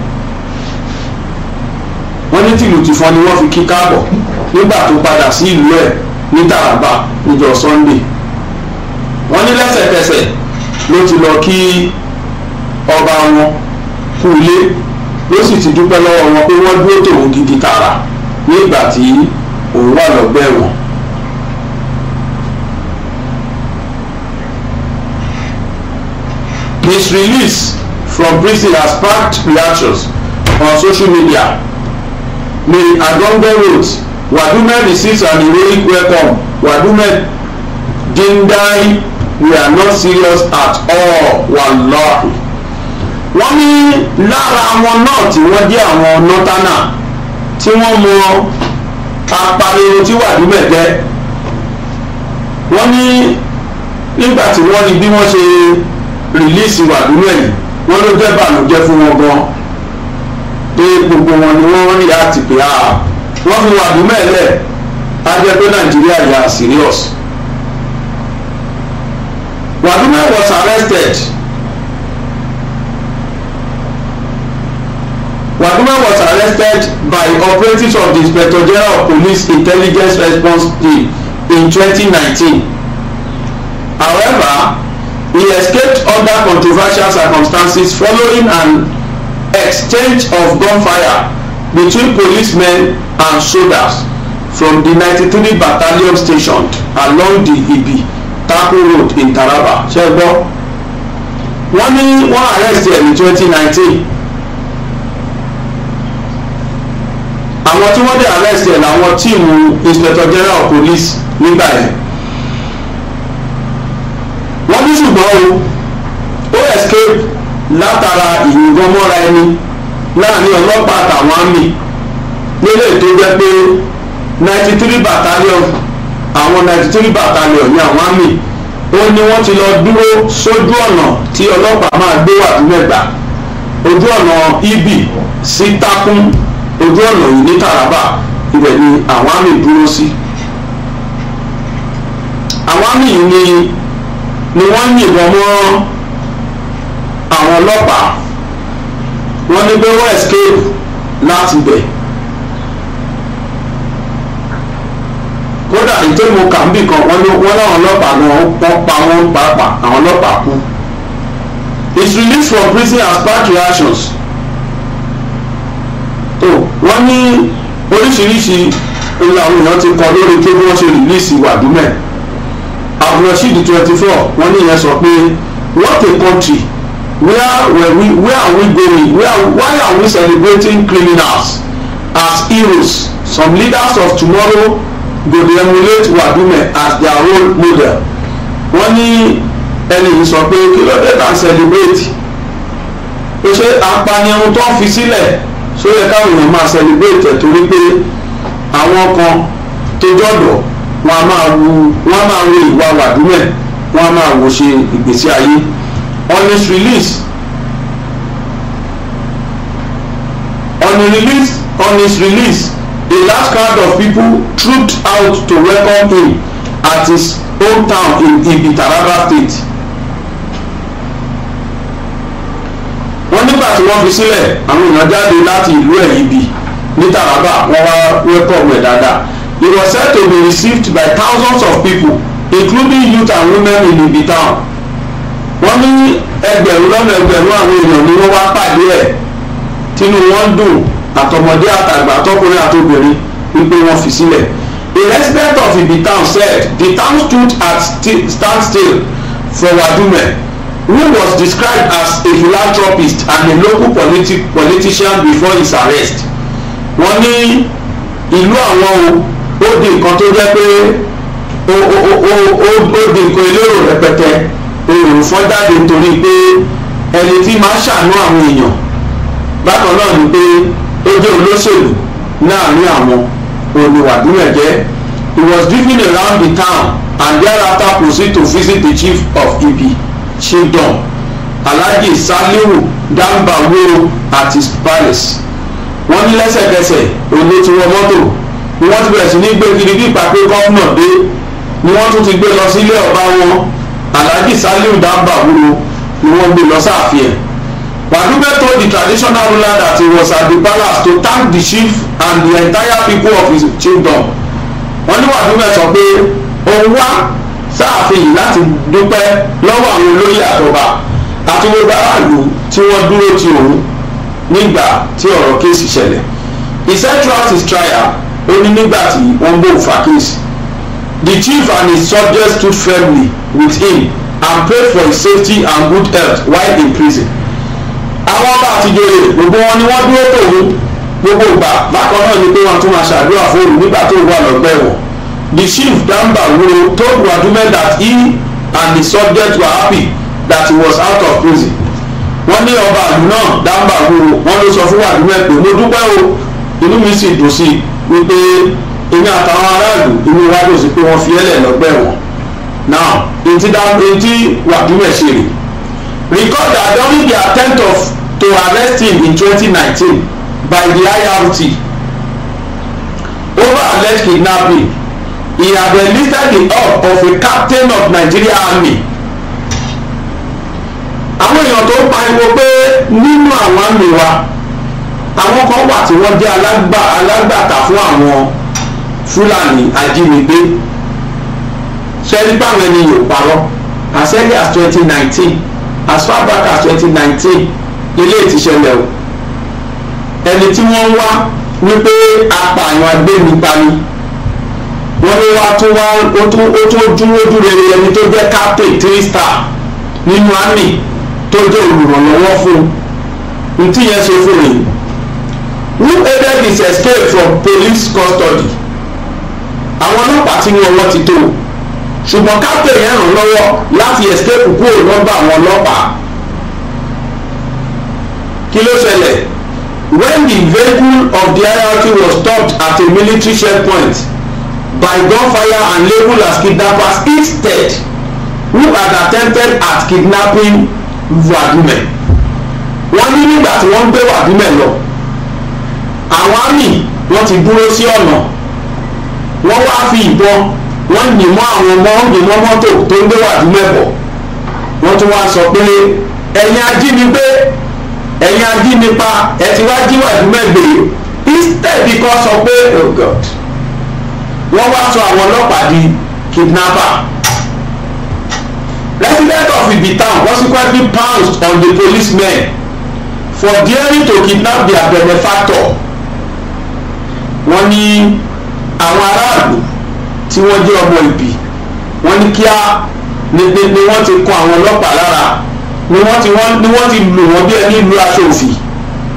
wọ́n ní tìlùtìfọ́n ni wọ́n fi kí káàbọ̀ nígbà tó padà sí ìlú ẹ̀ ní Taraba níjọ́ Sunday wọ́n ní lẹ́sẹ̀kẹsẹ̀ ló ti lọ kí ọba wọn kú ilé ló sì ti dúpẹ́ lọ́wọ́ wọn pé wọ́n dúró tòun gidi tààrà nígbà tí òun wà lọ́gbẹ́ ẹ̀wọ̀n. His release from prison has sparked reactions on social media. May Adongo wrote, Wadume receives an heroic welcome. Wadume Dindai we are not serious at all wàláhì. wọ́n ní lára àwọn náà tí wọ́n jẹ́ àwọn nọ́tánà tí wọ́n mọ apariwo tí wà níbẹ̀ jẹ́ wọ́n ní nígbà tí wọ́n rí bí wọ́n ṣe rìlíìsì wà nínú ẹ̀yìn wọ́n ló jẹ́ bàlújẹ́ fún wọn gan pé gbogbo wọn ni wọ́n rí àti pé a ah, wọ́n fi wà nínú á jẹ́ pé nàìjíríà yà serious. Waduma was arrested. Waduma was arrested by operatives of the Inspector General of Police Intelligence Response Team in 2019. However, he escaped under controversial circumstances following an exchange of gunfire between policemen and soldiers from the 93 battalion stationed along the Ibi Tako Road in Taraba ṣe gbọ́ wọ́n ní wọ́n arrest ẹ̀ ní twenty nineteen àwọn tí wọ́n dẹ̀ arrest ẹ̀ làwọn tíìmù inspector general police nígbà yẹn wọ́n ní ṣùgbọ́n o ó escape látara ìyìnbọmọ́ra ẹni láàrin ọlọ́pàá àtàwọn àmì nílé tó jẹ́ pé ninety three battalion àwọn ninety three battalion ní àwọn army ó ní wọ́n ti lọ dúró sójú ọ̀nà tí ọlọ́pàá máa gbé wà fún mẹ́gbà ojú ọ̀nà ibi sí takun ojú ọ̀nà yìí ní taraba ibẹ̀ ni àwọn àmì dúró sí àwọn àmì yìí ni ni wọ́n yìnbọn mọ́ àwọn ọlọ́pàá wọ́n ní pé wọ́n escape láti bẹ̀. kódà ìtẹ́ mo kà ń bì kan wọ́n láwọn ọlọ́pàá gan wọ́n pa wọ́n pàápàá àwọn ọlọ́pàá kú. is released from prison as part reactions. tó wọ́n ní oríṣiríṣi ohun àwọn èèyàn ti kọ lórí pé wọ́n ṣe release wàdúmẹ̀. abdulrasheed twenty four wọ́n ní ìyẹn sọ pé what a country where were we where are we going where why are we celebrating criminals as heroes some leaders of tomorrow they dey emulate their as their role model wọ́n ní ẹni yìí sọ pé kí ló dé ká celebrate pé ṣé apanirun tó ń fi sílẹ̀ ṣó yẹ káwọn èèyàn máa celebrate torí pé àwọn kan tó jọ̀dọ̀ wọn a máa wu wọn a máa wo ìwà wàdúmẹ̀ wọn a máa wo ṣe ìgbésí ayé honest release honest release honest release a large crowd of people trooped out to welcome him at his hometown in Ibi Taraba State. wọ́n nígbà tí wọ́n fi sílẹ̀ àwọn èèyàn jáde láti ìlú ẹ̀ Ibi ní Taraba wọ́n wá welcome ẹ̀ dáadáa. He was said to be received by thousands of people including youth and women in Ibi town. wọ́n ní ẹgbẹ̀rún lọ́nà ẹgbẹ̀rún àwọn èèyàn ni wọ́n wá pàdé ẹ̀ tínú wọn dùn àtọmọdé àtàgbà àtọkùnrin àtobìnrin wípé wọ́n fi sílẹ̀ in respect of ibi town said the town stood at st stand still for Wadume who was described as a philanthropist and a local politi politician before his arrest wọ́n ní ìlú àwọn o ó di nǹkan tó jẹ́ pé ó di nǹkan elérò rẹpẹtẹ òòrùn fọ́n jáde nítorí pé ẹni tí máa ń ṣàánú àwọn èèyàn bákan náà ni pé ó jẹ́ olóṣèlú láàrin àwọn oníwàdúrà jẹ́ he was driven around the town and thereafter proceed to visit the chief of ibi shindon alhaji Damba dambaworo at his palace wọ́n ní lẹ́sẹ̀kẹsẹ̀ olótiwọ mọ́tò ni wọ́n ti bẹ̀rẹ̀ sí ní gbé kiri bí ìpàpé gómìnà dé ni wọ́n tún ti gbé lọ sílé ọba wọn alhaji salihu dambaworo ni wọ́n gbé lọ sáàfin ẹ̀ Madube told the traditional ruler that he was at the palace to thank the chief and the entire people of his kingdom. wọ́n ní Madube sọ pé òun wá sáàfin yìí láti dúpẹ́ lọ́wọ́ àwọn olóyè àtọba àti gbogbo aráàlú tí wọ́n dúró ti òun nígbà tí ọ̀rọ̀ kéèsì ṣẹlẹ̀. He said throughout his trial ó ní nígbà tí wọ́n bó fa kéèsì. The chief and his subjects stood firmly with him and prayed for his safety and good health while in prison àwọn ọba àtijọ́rè gbogbo wọn ni wọ́n dúró tòun gbogbo ìgbà bákan náà ni pé wọn tún máa ṣàdúrà fóònù nígbà tó wà lọ́gbẹ́ ẹ̀wọ̀n the chief damba wuro told wadume that he and the subject were happy that he was out of prison wọ́n ní ọba àlù náà damba wuro wọ́n ló sọ fún wadume pé mo dúpẹ́ o inú mi sì dùn sí wípé èmi àtàwọn aráàlú inú wa dùn sí pé wọ́n fi ẹlẹ̀ lọ́gbẹ́ ẹ̀wọ̀n now etí wadume ṣe rè record that during their tenth of to arrest him in 2019 by the IRT over alleged kidnapping he had enlisted the help of a captain of Nigeria army àwọn èèyàn tó ń pariwo pé nínú àwọn àmì wa àwọn kan wà tí wọ́n jẹ́ alágbàtà fún àwọn Fúlàní ajínigbé ṣẹ́rígbàwọn ẹni yóò parọ́ as early as 2019 as far back as 2019 ilé ti ṣẹlẹ̀ o ẹni tí wọ́n wá wípé apààyàn agbẹ́nipa ni wọ́n ní wá tó wá ó tó dúró dúró ẹni tó jẹ́ captain three star nínú army tó jẹ́ olùrànlọ́wọ́ fún un tí yẹn ṣe fún mi who aided his escape from police custody àwọn ọlọ́pàá tí wọ́n wọ́n ti tó ṣùgbọ́n captain yẹn ràn lọ́wọ́ láti escape kúrò lọ́gbà àwọn ọlọ́pàá kí ló ṣẹlẹ̀ when the vehicle of the IRT was stopped at a military checkpoint by gunfire and labeled as kidnappers instead who had attempted at kidnapping Vladimir. wọ́n ní nígbà tí wọ́n ń gbé Wàdúmẹ̀ lọ àwọn àmì wọ́n ti dúró sí ọ̀nà wọ́n wá fi ìbọn wọ́n yìn mọ́ àwọn ọmọ yìn mọ́ mọ́tò tó ń gbé Wàdúmẹ̀ bọ̀ wọ́n tún wá sọ pé ẹ̀yin ajínigbé ẹ̀yin ajínipa ẹ̀ ti wá jíwájú mẹ́gbẹ̀ẹ́ instead kọ́ sọ pé oh god wọ́n wá sọ àwọn ọlọ́pàá di kidnapper resident of ibi town consequently pounced on the policemen for daring to kidnap their benefactor wọ́n ní àwọn aráàlú tí wọ́n jẹ́ ọmọ ìbí wọ́n ní kíá ni wọ́n ti kọ àwọn ọlọ́pàá lára ni wọ́n ti wọ́n ni wọ́n ti lù wọ́n bí ẹni lu aṣọ òfì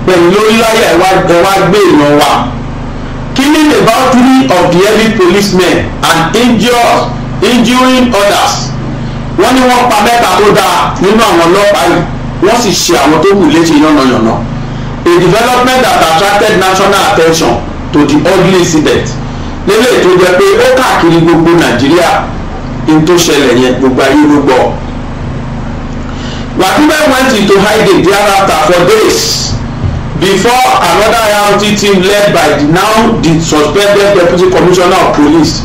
pẹ̀lú lórí láyà ẹ̀wá ẹ̀wá gbé èèyàn wa killing the three of the heavy policemen and injure injuring others wọ́n ní wọ́n pa mẹ́ta tó dáa nínú àwọn ọlọ́pàá yìí wọ́n sì ṣe àwọn tó kù léṣe yánnayànna a development that attracted national attention to the ugly incident lélẹ̀ tó jẹ́ pé ó káàkiri gbogbo nàìjíríà ní tó ṣẹlẹ̀ yẹn gbogbo ayé ló gbọ́ ọ. Wakibe went into hiding thereafter for days before another IRT team led by the now the suspended deputy commissioner of police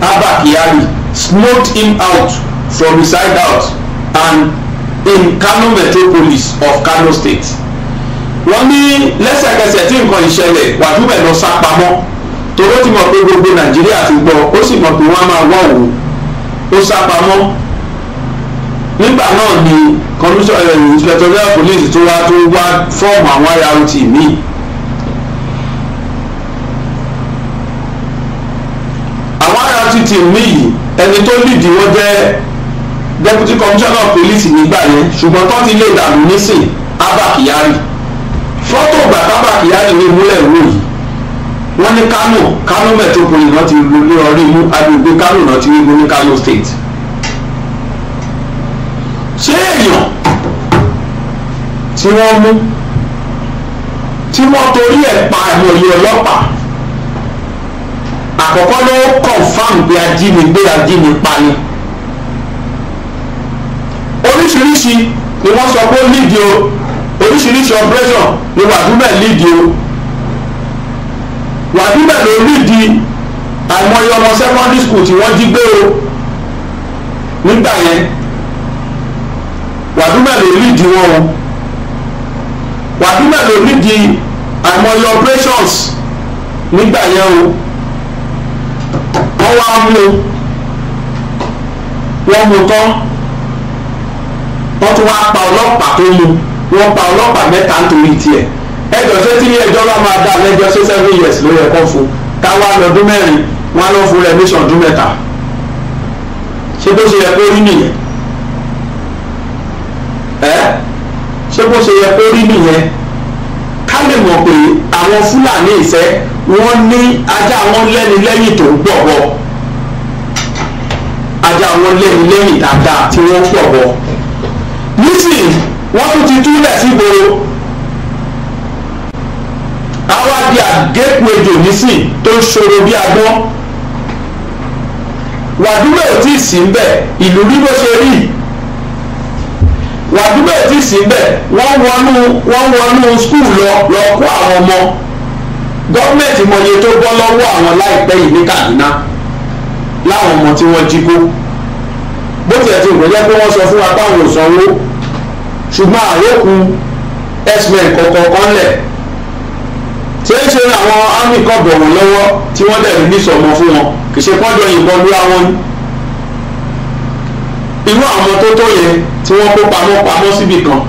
Abba Kyari smoked him out from his hideout and in Kano metropolis of Kano state. wọ́n ní lẹ́sẹ̀kẹsẹ̀ tí nǹkan ìṣẹ̀lẹ̀ Wakibe lọ sá pamọ́ toró ti mọ̀ pé gbogbo Nàìjíríà ti gbọ́ ó sì mọ̀ pé wọ́n á máa wá òun ó sá pamọ́ nígbà náà ni commissioner eh, inspectorial police tó wá tó wá fọ́ọ̀mù àwọn irt míì. àwọn irt míì ẹni tó lìdí wọn jẹ́ deputy commissioner of police nígbà yẹn ṣùgbọ́n tó ti lè dànù nísìn abba kyari fọ́tò ìgbà tábà kyari ní ìmúlẹ̀ ìwé yìí wọ́n ní kánò kánò metropolitan ti lórí ọrí mú agbègbè kánò náà ti rí mú ní kánò state ṣé èèyàn tí wọ́n mú tí wọ́n torí ẹ̀ pa ìmọ̀ye ọlọ́pàá àkọ́kọ́ ló kọ̀ǹfàm pé ajínigbé ajínipa ni oríṣiríṣi ni wọ́n sọ pé ó lídìí o oríṣiríṣi operation ni wàdúbẹ̀ lídìí o wàdúbẹ̀ ló lídìí àìmọye ọmọ secondary school tí wọ́n jí gbé o nígbà yẹn wàdúmà ló lídìí wọn o wàdúmà ló lídìí àìmọye operations nígbà yẹn o wọ́n wá mú wọ́n mú tán wọ́n tún wá pa ọlọ́pàá tó mú wọ́n pa ọlọ́pàá mẹ́ta nítorí tiẹ̀ ẹjọ́ ṣé tí ẹjọ́ bá máa dá lẹ́jọ́ ṣé seven years ló yẹ kó fún káwá lọ́dún mẹ́rin wọ́n á lọ fún remission ọdún mẹ́ta ṣé bó ṣe yẹ kó rí nìyẹn ẹ ṣé bó ṣe yẹ kó rí nìyẹn ká lè mọ̀ pé àwọn fúlàní ìfẹ́ wọ́n ní ajá wọn lẹ́ni lẹ́yìn tó ń gbọ̀bọ̀ ajá wọn lẹ́ni lẹ́yìn dáadáa tí wọ́n ń gbọ̀bọ̀ nísìnyí wọ́n tún ti túlẹ̀ sígboro àwa di àgékùn ejò nísìn tó ń ṣòro bí agbọ́n wàdúrà ò tí ì sí ń bẹ̀ ìlú bí bó ṣe rí wàdúgbò tí sì ń bẹ̀ wọ́n wọnú wọ́n wọnú skul lọ lọ kó àwọn ọmọ gọ́ọ̀mẹ̀ntì mọye tó bọ́ lọ́wọ́ àwọn láìpẹ́ yìí ní Kaduna láwọn ọmọ tí wọ́n jí kó bó tiẹ̀ ti rò jẹ́ pé wọ́n sọ fún wa báwọn ò sanwó ṣùgbọ́n àrókù x-men kọ̀ọ̀kan kan lẹ̀ tí ó ṣe àwọn army kan bọ̀ wọ́n lọ́wọ́ tí wọ́n dẹ̀ ní sọ̀mọ́ fún wọn kì í ṣe pọ́njọ yìnbọn lóra wọn ni irú àwọn tó tó yẹ tí wọ́n kó pamọ́ pamọ́ síbì kan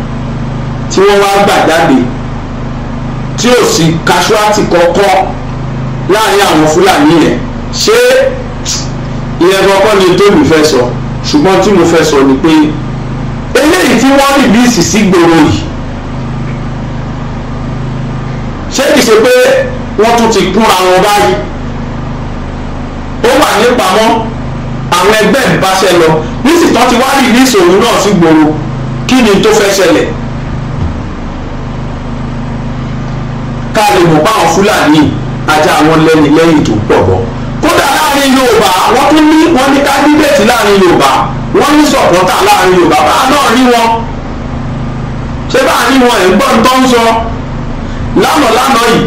tí wọ́n wá gbà jáde tí ò sí casualty kọ́kọ́ láàrin àwọn fúlàní yẹn ṣé ìyẹn kọ́kọ́ ni tó lù fẹ́ sọ ṣùgbọ́n tí mo fẹ́ sọ ni pé eléyìí tí wọ́n rí bí ìsìsí gbòòrò yìí ṣé kìí ṣe pé wọ́n tún ti kúnra wọn báyìí ó wà ní pamọ́ àwọn ẹgbẹ́ ń báṣẹ́ lọ nísìtọ́ ti wá rìlíìsì òun náà sí gbòòrò kí ni tó fẹ́ ṣẹlẹ̀ ká lè mọ̀ báwọn fúlàní àti àwọn lẹ́ni lẹ́yìn tó pọ̀ bọ́ kódà láàrin yorùbá wọ́n tún ní wọ́n ní kandidate láàrin yorùbá wọ́n ní sọ̀pọ̀tà láàrin yorùbá bá a náà rí wọn ṣé bá a rí wọn ẹ̀ ń gbọ́ ń tọ́ ń sọ lánàá lánàá yìí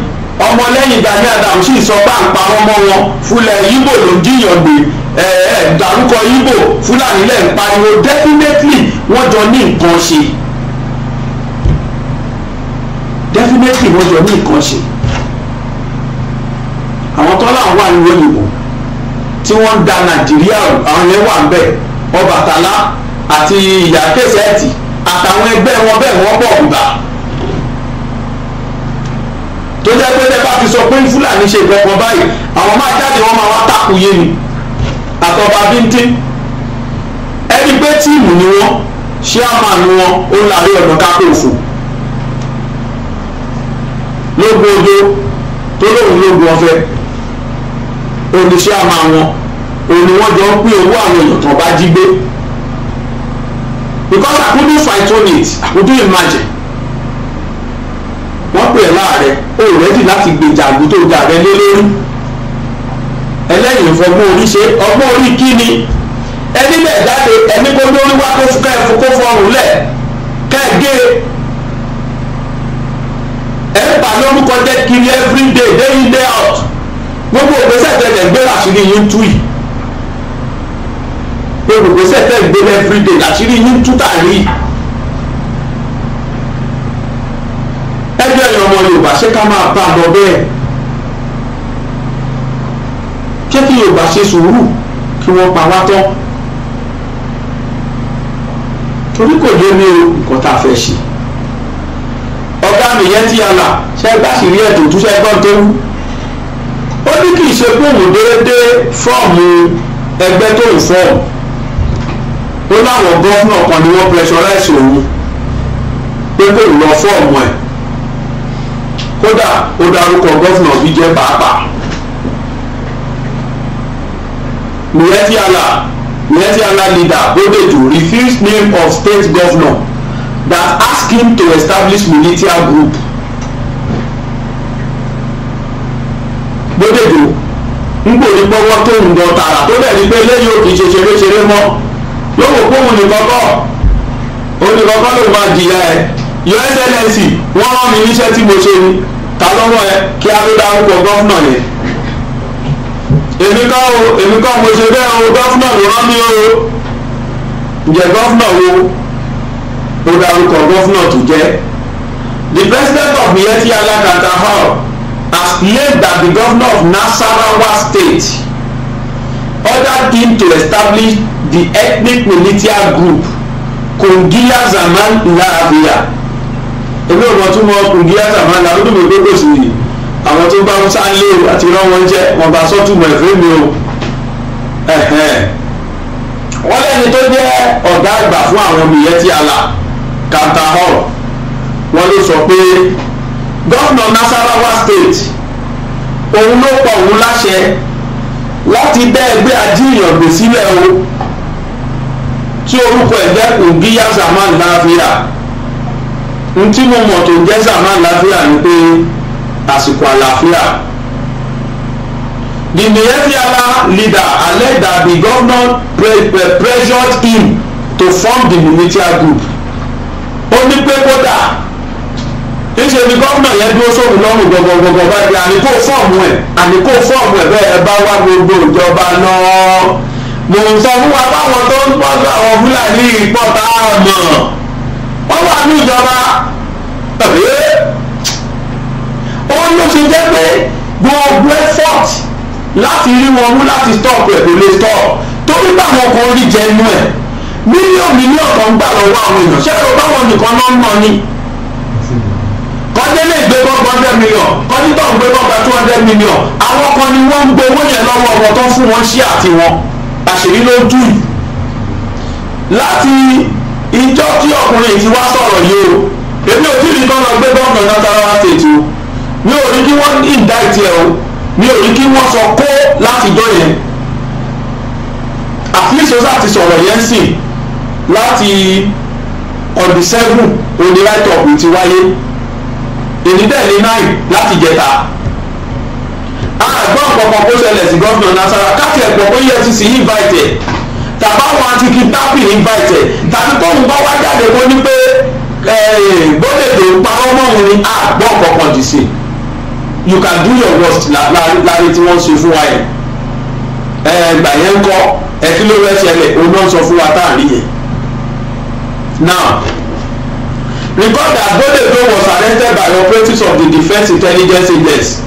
ọmọlẹ́yìn Gani Adams sì sọ bá ń parọ́ mọ́ wọn fúlẹ̀ yíbò ló ń jiyàn gbé ẹ ẹ dárúkọ Ìgbò Fúlàní lẹ̀ ń pariwo definitely wọ́n jọ ní nǹkan ṣe definitely wọ́n jọ ní nǹkan ṣe àwọn tọ́lá wà ní òyìnbó tí wọ́n ń da Nàìjíríà àwọn yẹn wà ń bẹ̀ Ọbàtálá àti ìyá kẹsẹ̀ẹ́tì àtàwọn ẹgbẹ́ wọn bẹ́ẹ̀ wọ́n bọ̀ ń bà tó jẹ́ pé tẹ́ bá fi sọ pé Fúlàní ṣe ìgbẹ́pọ̀ báyìí àwọn máa jáde wọ́n máa wá takùn yé ni àtọ́ba bíntín ẹni pé tíìmù ni wọ́n ṣé àmàlù wọn ó ń làrí ọ̀nà kápò òfò lógun odo tó lóun lógun ọ̀fẹ́ oníṣẹ́ àmà wọn òní wọ́n jọ ń pín owó àwọn èèyàn tó bá jí gbé because I couldn't fight on it I couldn't imagine wọ́n pè é láàrẹ ó rẹ́dì láti gbèjà àgùtò jà rẹ lé lórí ẹlẹ́yìn ìfọgbọ́n orí ṣe ọgbọ́n orí kí ni ẹni bẹ̀ jáde ẹni kó lórí wá kó fúkẹ́ fún kó fọrùn lẹ̀ kẹ́ẹ̀gé ẹ̀ ń pa lórúkọ jẹ́ kiri every day day in day out gbogbo ògbésẹ̀ tẹ̀lẹ̀ gbé àṣírí yín tú yìí gbogbo ògbésẹ̀ tẹ̀lẹ̀ gbé every day àṣírí yín tú tà rí ẹgbẹ́ ìrọmọ Yorùbá ṣé ká máa bá a lọ bẹ́ẹ̀ ṣé kí yorùbá ṣe sùúrù kí wọ́n pa wá tán torí kò yé mi o nǹkan tá a fẹ́ ṣe ọ̀gá mi yẹn ti àlà ṣe gbà sí rí ẹ̀dùn tó ṣe gbọ́n tó wú ó ní kì í ṣe gbóhùn déédéé fọ́ọ̀mù ẹgbẹ́ tó ń fọ́ọ̀mù ó láwọn gọ́fúnà kan ni wọ́n pressurize òun pé kò lọ fọ́ọ̀mù ẹ̀ kódà ó dárúkọ gọ́fúnà bíi jẹ́ pàápàá. Miyetti Allah Miyetti Allah leader Bodejo refused name of state governor that ask him to establish militia group. Bodejo n kò ní gbọ́wọ́ tó ń dọ̀ tààrà tó dẹ̀ ní pé lẹ́yìn òkè ṣe ṣeréṣeré mọ́ yóò wò pé òun nìkan kọ́ òun nìkan kọ́ ló máa jìyà ẹ̀ your excellency wọ́n rán mi níṣẹ́ tí mo ṣe ni ta lọ́wọ́ ẹ kí a ló dárúkọ gọ́fúnà yẹn èmi kọ́ o èmi kọ́ mo ṣe bẹ́ẹ̀ o gọ́fúnà ló rán mi o ǹjẹ́ gọ́fúnà wo ó dárúkọ gọ́fúnà tó jẹ́ the president of Miyetti Allah Kantahor has claimed that the governor of Nasarawa state ordered him to establish the ethnic militia group Kungiya Zaman Lafiya èmi ò mọ̀ tún mọ̀ Kungiya Zaman Lafiya ó dùn mí pé kò sí yìí àwọn tó bá musa lé o àti rán wọn jẹ wọn bá sọtúmọ̀ ẹ̀fẹ́ mi o wọ́n lẹ́ni tó jẹ́ ọ̀gá àgbà fún àwọn ọmọ ìyẹn tí a là kàńtà hall wọ́n ló sọ pé gómìnà Nasarawa state òun ló pa òun láṣẹ láti bẹ́ ẹgbẹ́ ajínigbé sílẹ̀ o tí orúkọ ẹgbẹ́ ògíyà zaman láfíà ntí mo mọ̀ tó jẹ́ zaman láfíà ni pé àsìkò àlàáfíà the Miyefiala leader alleged that the governor pre pre pressured him to form the militia group ó ní pé kódà níṣẹ́ ni gómìnà yẹn dúró sóhun lọ́rùn gbọ̀gbọ̀gbọ̀gbọ̀ báyìí àníkó fọ́ọ̀mù ẹ̀ àníkó fọ́ọ̀mù ẹ̀ bẹ́ẹ̀ bá wá gbogbo ìjọba náà mò ń sọ fún wa báwọn tó ń pọ̀ sí àwọn fúlàní ìpọ́ta ọ̀nà wọ́n wà ní ìjọba ló ṣe jẹ́ pé gbogbo effort láti rí wọn mú láti stop ẹ̀ kò lè stop torí báwọn kan rí jẹ inú ẹ̀ mílíọ̀nù mílíọ̀nù kan gbà lọ́wọ́ àwọn èèyàn ṣé ẹ̀rọ báwọn nìkan náà ń nà ni kọ́dé lè gbé bọ́ hundred million kọ́dé tó ń gbé bọ́ gba two hundred million àwọn kan ni wọ́n ń gbé owó yẹn lọ́wọ́ ọ̀rọ̀ tó ń fún wọn ṣí àti wọn àṣírí ló dù yìí láti ìjọ tí ọkùnrin yìí ti wá sọ̀rọ̀ yìí o èmi ò tí ì rí kọ́ lọ gbé bọ́ọ̀nù náà tara wá ṣètò mi ò rí kí wọ́n indict ẹ o mi ò rí kí wọ́n sọ kó láti dán yẹn at least ó sáà ti sọ̀rọ̀ yẹn sì láti ọ̀dì seven òní right up ti wáyé èdè dẹ̀ ní nine láti jẹta àgbọ̀n pọ̀pọ̀ kó ṣẹlẹ̀ sí gọ́fìnà nasara káàkiri ẹ̀pọ̀ pé efcc invite ẹ̀ tàbá wọn àti kidnapping invite ẹ̀ tàbí kóun bá wá jáde kó ní pé gbọ́dọ̀ eh, tó parọ́ mọ́ òun ni àgbọ̀n pọ̀pọ̀ dì sí i you can do your worst láàrin tí wọ́n ṣe fún wa yẹn ẹgbà yẹn ń kọ́ ẹ kí ló fẹ́ ṣẹlẹ̀ òun náà sọ fún wa tá à rí yẹn. now record that Bodèdó was arrested by operatives of the Defence Intelligence Agency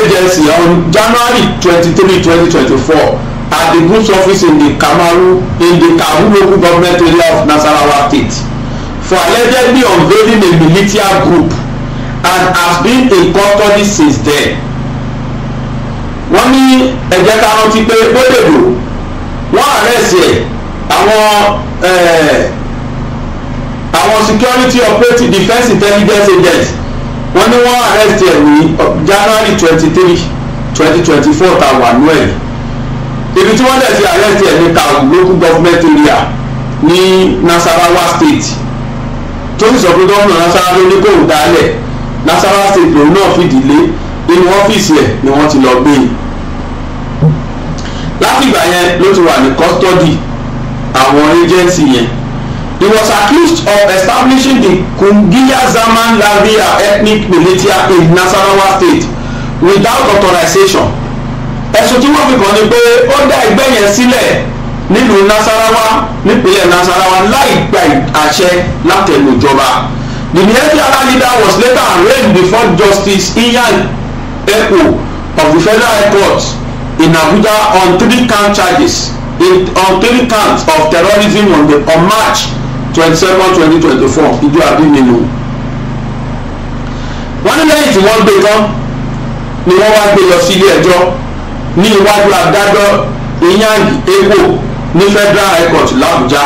agency on January twenty-three twenty twenty-four at the group's office in the Kamaru in the Karu local government area of Nasarawa state for allegedly unveiling a militia group and has been in custody since then. wọ́n ní ẹ̀jẹ̀ ká rántí pé bódèbò wọ́n àrẹ́sì ẹ̀ àwọn eh, àwọn security operative defence intelligence agents wọ́n ní wọ́n àrẹ́sì ẹ̀ ní January twenty three twenty twenty four ta wà nú ẹ̀ ibi tí wọ́n dẹ̀ ti àrẹ́sì ẹ̀ ní taun local government area ní Nasarawa state tó sì sọ pé gómìnà Nasarawa ló ní kóòtù dálẹ̀ nasarawa state lòun náà fìdílé nínú ọ́fíìsì ẹ̀ ni wọ́n ti lọ gbé e látìgbà yẹn ló ti wà ní custody àwọn agency yẹn he was accused of establishing the kungiya zaman lavia ethnic militia in nasarawa state without authorization ẹ̀sùn tí wọ́n fi kàn ní pé ó dá ẹgbẹ́ yẹn sílẹ̀ nílùú nasarawa nípínlẹ̀ nasarawa láì gba àṣẹ látẹnu The Biafran leader was later arraigned before Justice Iyan Eko of the Federal High Court in Abuja on three count charges in, on three counts of terrorism on, the, on March twenty-seven twenty twenty-four ìjọ àdínnílò. wọ́n ní lẹ́yìn tí wọ́n gbé tán ni wọ́n wá gbé lọ sí ilé ẹjọ́ ní iwájú adájọ́ Inyang Ekpo ní Federal High Court l'Abuja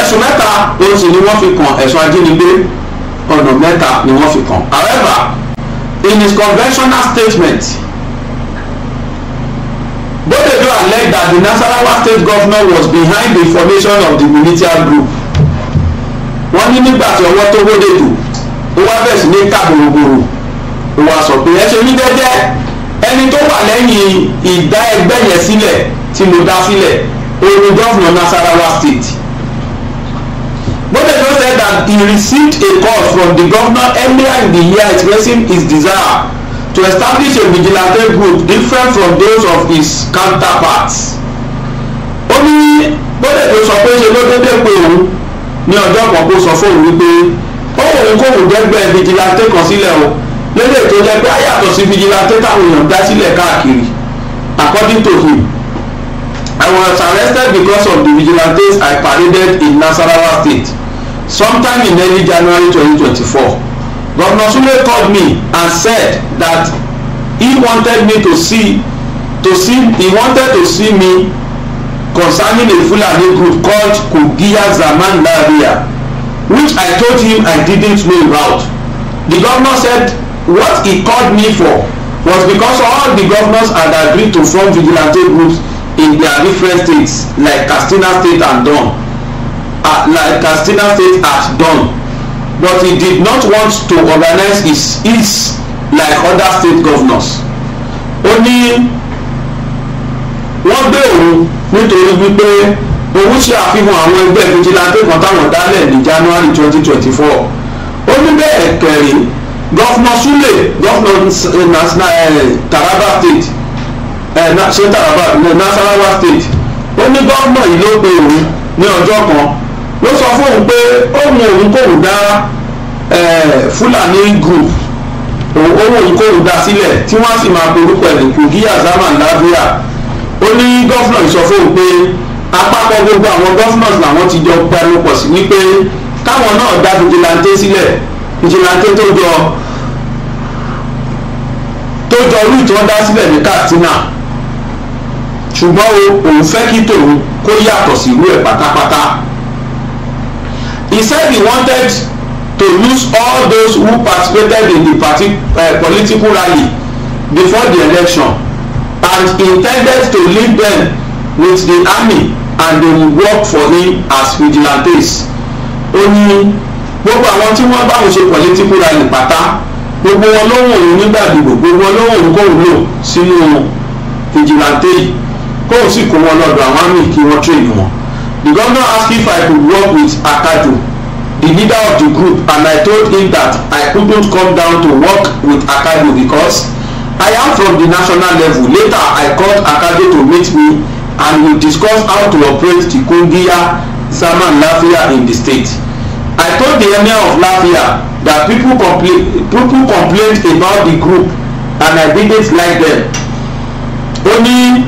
ẹ̀sùn mẹ́ta òun sì ni wọ́n fi kàn ẹ̀sùn ajínigbé ọ̀nà mẹ́ta ni wọ́n fi kàn. however in his conventional statement Bodejo allege that the Nasarawa state government was behind the formation of the militia group. wọ́n ní nígbà tí ọwọ́ tó Bodejo ó wá bẹ̀rẹ̀ sí ní ká gbòrògbòrò ó wá sọ pé ẹ ṣe ní jẹ́jẹ́ ẹni tó wà lẹ́yìn ìdá ẹgbẹ́ yẹn sílẹ̀ tí mo dá sílẹ̀ òun gọ́vùnà Nasarawa state. Bodejo said that he received a call from the governor earlier in the year expressing his desire to establish a vigilante group different from those of his counterparts. ó ní bọ́dẹ̀ tó sọ pé ṣe ló dédé pé òun ní ọjọ́ kan kó sọ fóun wípé ó òun kò wù dẹ́gbẹ́ vigilante kan sílẹ̀ o lédè tó jẹ́ pé àyàtọ̀ sí vigilante táwọn èèyàn dá sílẹ̀ káàkiri according to him I was arrested because of the vigilantes I paraded in Nasarawa state sometime in early January 2024 Governor Sule called me and said that he wanted me to see to see he wanted to see me concerning a Fulani group called Kugia Zaman Laria which I told him I didn't know about. The governor said what he called me for was because all the governors had agreed to form vigilante groups in their different states like Katsina State and Don like Katsina State has done but he did not want to organize his his like other state governors ó ní wọ́n gbé òun nítorí wípé òun ṣe àfihàn àwọn ẹgbẹ́ fìjìláńtì kan táwọn dálẹ̀ ní January twenty twenty four ó ní bẹ́ẹ̀ kẹrin gọ́fúnà Sule gọ́fúnà eh, Taraba state eh, ṣé Taraba Nasarawa state ó ní gọ́fúnà yìí ló pe òun ní ọjọ́ kan ló sọ fún òun pé ó mú òun kóun dá fúlàní group owó òun kóun dá sílẹ̀ tí wọ́n á sì máa porúkọ ẹ̀ Kogi Azaman Labia ó ní gọ́fúnà sọ fún òun pé àpapọ̀ gbogbo àwọn gọ́fúnọ̀s làwọn ti jọ panupọ̀ sí wípé káwọn náà dá fìjìláńtẹ́ sílẹ̀ fìjìláńtẹ́ tó jọ tó jọ orí tí wọ́n dá sílẹ̀ ní Katsina ṣùgbọ́n òun fẹ́ kí tòun kó yàtọ̀ sí irú ẹ̀ pátápátá He said he wanted to lose all those who participated in the party, uh, eh, political rally before the election and intended to leave them with the army and they would work for him as vigilantes. ó ní gbogbo àwọn tí wọ́n bá wọn ṣe political rally pátá gbogbo wọn ló wọ̀n òun nígbà gbogbo wọn ló wọ̀n òun kò wúlò sínú vigilante yìí kóun sì kó wọn lọ́dọ̀ àwọn àmì kí wọ́n train wọn. The governor asked if I could work with Akadu, the leader of the group, and I told him that I couldn't come down to work with Akadu because I am from the national level. Later, I called Akadu to meet me and we discussed how to operate the Kungiya Zaman Lafia in the state. I told the emir of Lafia that people complain people complained about the group and I didn't like them. Only,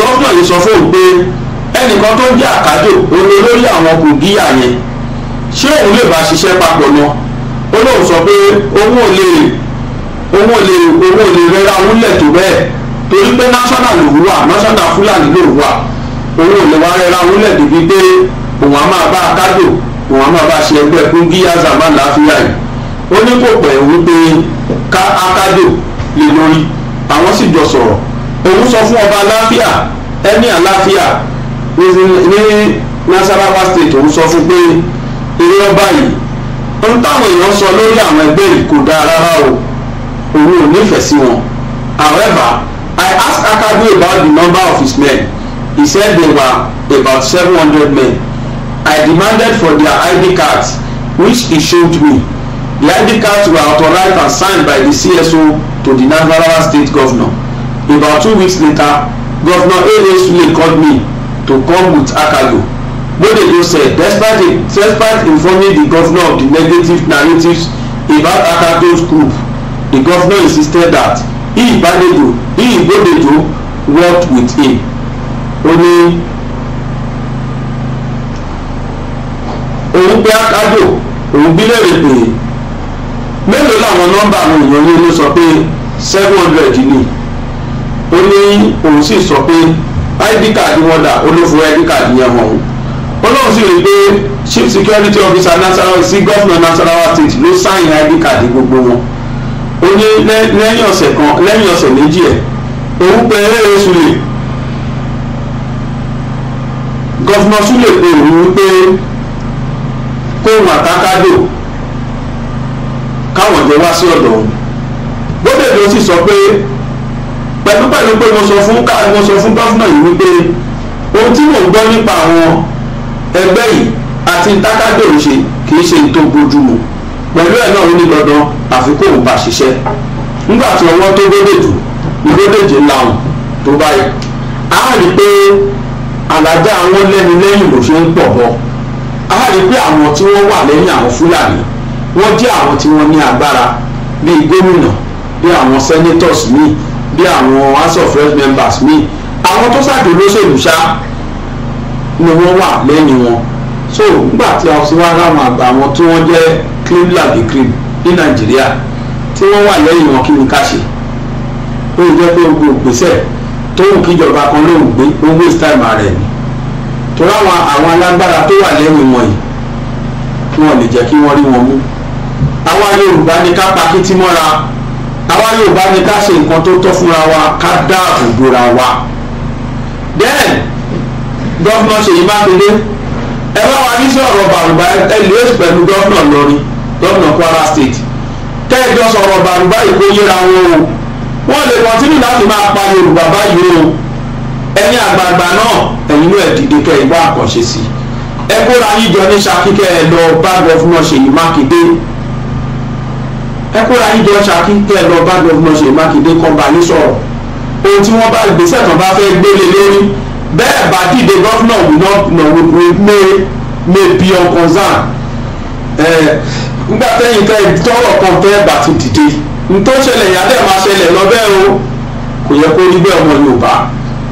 governor gómìnà yìí ẹnìkan tó ń jẹ́ àkájò òní lórí àwọn kògíyà yẹn ṣé òun lè bá ṣiṣẹ́ papọ̀ náà ó lóun sọ pé òun ò lè òun ò lè òun ò lè rẹ́ra òun lẹ̀ tó bẹ́ẹ̀ torí pé national lòun wà national fúlàní lòun wà òun ò lè wá rẹ́ra òun lẹ̀ débi pé òun á máa bá àkájò òun á máa bá ṣe ẹgbẹ́ kògíyà zaman láfíà yìí ó ní kò pẹ̀ wípé ká àkájò lè lórí àwọn sì jọ sọ̀rọ̀ òun sọ fún ọba aláfíà ẹni aláfíà ní Nasarawa state òun sọ fún pé eré ọba yìí ohun táwọn èèyàn sọ lórí àwọn ẹgbẹ́ yìí kò dáa rárá o òun ò nífẹ̀ẹ́ sí wọn however I asked Akadu about the number of his men he said they were about seven hundred men I demanded for their ID cards which he showed me the ID cards were authorized and signed by the CSO to the Nasarawa state governor about two weeks later governor A.A. Sule called me to come with akalo Bodèjọ said despite the, despite informing the governor of the negative narratives about akato's group the governor insisted that he Badejo he Bodèjọ worked with him ó ní òun pé akado òun bí lẹ́rìí pé mélòó làwọn nọ́mbà àwọn èèyàn ní ló sọ pé seven hundred ni ó ní òun sì sọ pé id card wọn dà olófin id card yẹn hàn wọn olóhùn sì rí pé chief security officer nasarawa sí gọ́fìnà nasarawa state ló sáyìn id card gbogbo wọn ó ní lẹ́yìn ọ̀sẹ̀ kan lẹ́yìn ọ̀sẹ̀ méjì ẹ̀ òun pé eré oṣù lè gọ́fìnà Sule pé òun pé kóhùn àtàkádò káwọn jọ wá sí ọ̀dọ̀ òun bóde ló sì sọ pé pẹ̀lú pẹ̀lú pé mo sọ fún ká mo sọ fún gọ́fúnà yìí wípé ohun tí mò ń gbọ́ nípa àwọn ẹgbẹ́ yìí àti ntákàdé òun ṣe kì í ṣe tó bójúmu pẹ̀lú ẹ̀ náà ó ní dandan àfikún òun bá ṣiṣẹ́ nígbà tí ọwọ́ tó gbódèjì ìgbódèjì ńlá òun tó báyìí á rí i pé àlàjá àwọn lẹ́nu lẹ́yìn ló ṣe ń pọ̀ bọ́ á rí i pé àwọn tí wọ́n wà lẹ́yìn àwọn fúlàní wọ́n jẹ́ àwọn tí wọ́n ní agbára bíi gómìnà bíi àwọn senators míì bí àwọn house of rest members mi àwọn tó ṣàjò lóṣèlú ṣá ni wọ́n wà lẹ́yìn wọn so nígbà tí a ti wá ráwọn àgbà wọn tí wọ́n jẹ́ clean lab cream ní nàìjíríà tí wọ́n wà lẹ́yìn wọn kí ni ká ṣe ó jẹ́ pé gbogbo ìgbésẹ̀ tóun kíjọba kan lóun gbé ó waste time rẹ̀ ni torí àwọn àwọn alágbára tó wà lẹ́yìn wọn yìí wọn ò lè jẹ́ kí wọ́n rí wọn mú àwa yorùbá ní ká pa kí tí mọ́ra àwa Yorùbá ni ká ṣe nǹkan tó tọ́ fúnra wa ká dáàbò bora wa then gọ́fúnà Ṣèyí Mákindé ẹ bá wa ní sọ̀rọ̀ bàrùbá ẹ lè èsì pẹ̀lú gọ́fúnà lọ́rin gọ́fúnà Kwara state kẹ́ẹ̀jọ sọ̀rọ̀ bàrùbá ìkó yíra wọn o wọ́n lè kọ́ntínú láti máa pa Yorùbá báyìí o ẹni àgbààgbà náà ẹ̀yin ló ẹ̀ kẹ́ ìwá àkànṣe sí ẹ kóra yíjọ ní Ṣakí ẹ lọ bá gọ́fúnà Ṣèyí Mákindé ẹ kóra ìjọ Ṣakí tẹ lọ bá gọvnọ Ṣèyí Mákindé kan bá yín sọ̀rọ̀ ohun tí wọ́n bá ìgbésẹ̀ kan bá fẹ́ gbélé lórí bẹ́ẹ̀ bá dìde gọvnọ wùnà may be on concern nígbà tẹ́yìn tẹ́ tọ́rọ̀ kan fẹ́ bá ti dìde nítorí ṣẹlẹ̀ yá dẹ̀ máa ṣẹlẹ̀ lọ bẹ́ẹ̀ o kò yẹ kó rí bẹ́ẹ̀ ọmọ Yorùbá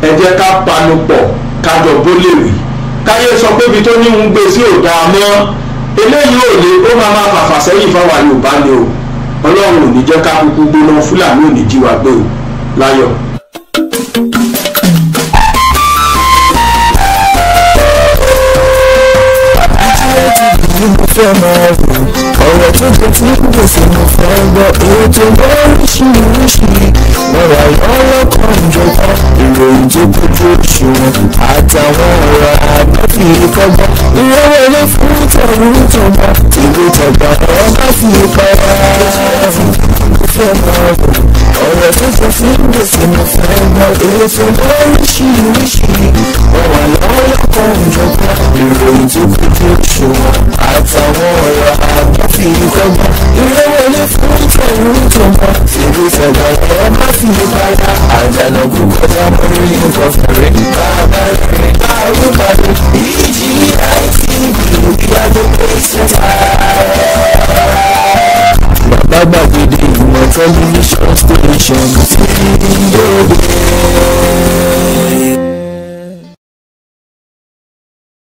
ẹ jẹ́ ká panu pọ̀ kájọ bó léwì káyé sọ pé ibi tó ní ń gbé sí ò dáa mọ́ eléyìí ò lè ó máa máa fàfà sẹ́yìn fáwọn Yorùbá ni o ọlọ́run ò ní jẹ́ ká kúkú gbóná fúlàní ò ní jí wa gbé o láyọ̀. ọ̀rọ̀ tó jẹ tí kò fèsì mo fẹ́ gbọ́ ètò lóríṣiríṣi ọ̀rọ̀ ọlọ́kọ̀ ìjọba ìròyìn tó kójú òṣùwọ̀n àtàwọn ọ̀rọ̀ àbáfi kọ́gbọ́n ilé fún tọ̀rún tọ̀gbà ìlú tọ̀gbà ọ̀rọ̀ bá ọ̀rọ̀ tó sọ fún gbèsè mo fẹ́ gbọ́ èso lóríṣiríṣi ọ̀rọ̀ ọlọ́kọ̀ ìjọba ìròyìn tó kójú òṣùwọ̀n àtàwọn ọ̀rọ̀ àjọ fi ìfọ̀mọ́ ilé wọlé fún ìfẹ̀rù ìjọba ìlú ìfẹ̀gbà ẹ má fi ìpara àjànà gbogbo ọmọ orí nǹkan fẹ̀rẹ̀ bàbá rẹ̀ bá olùbàdàn ìjì àìsí ìgbìyànjú pé ìṣẹ̀ta. bàbá gbàgede ìgbìmọ̀ tẹ́lifíṣọ̀n station tí ó gbé.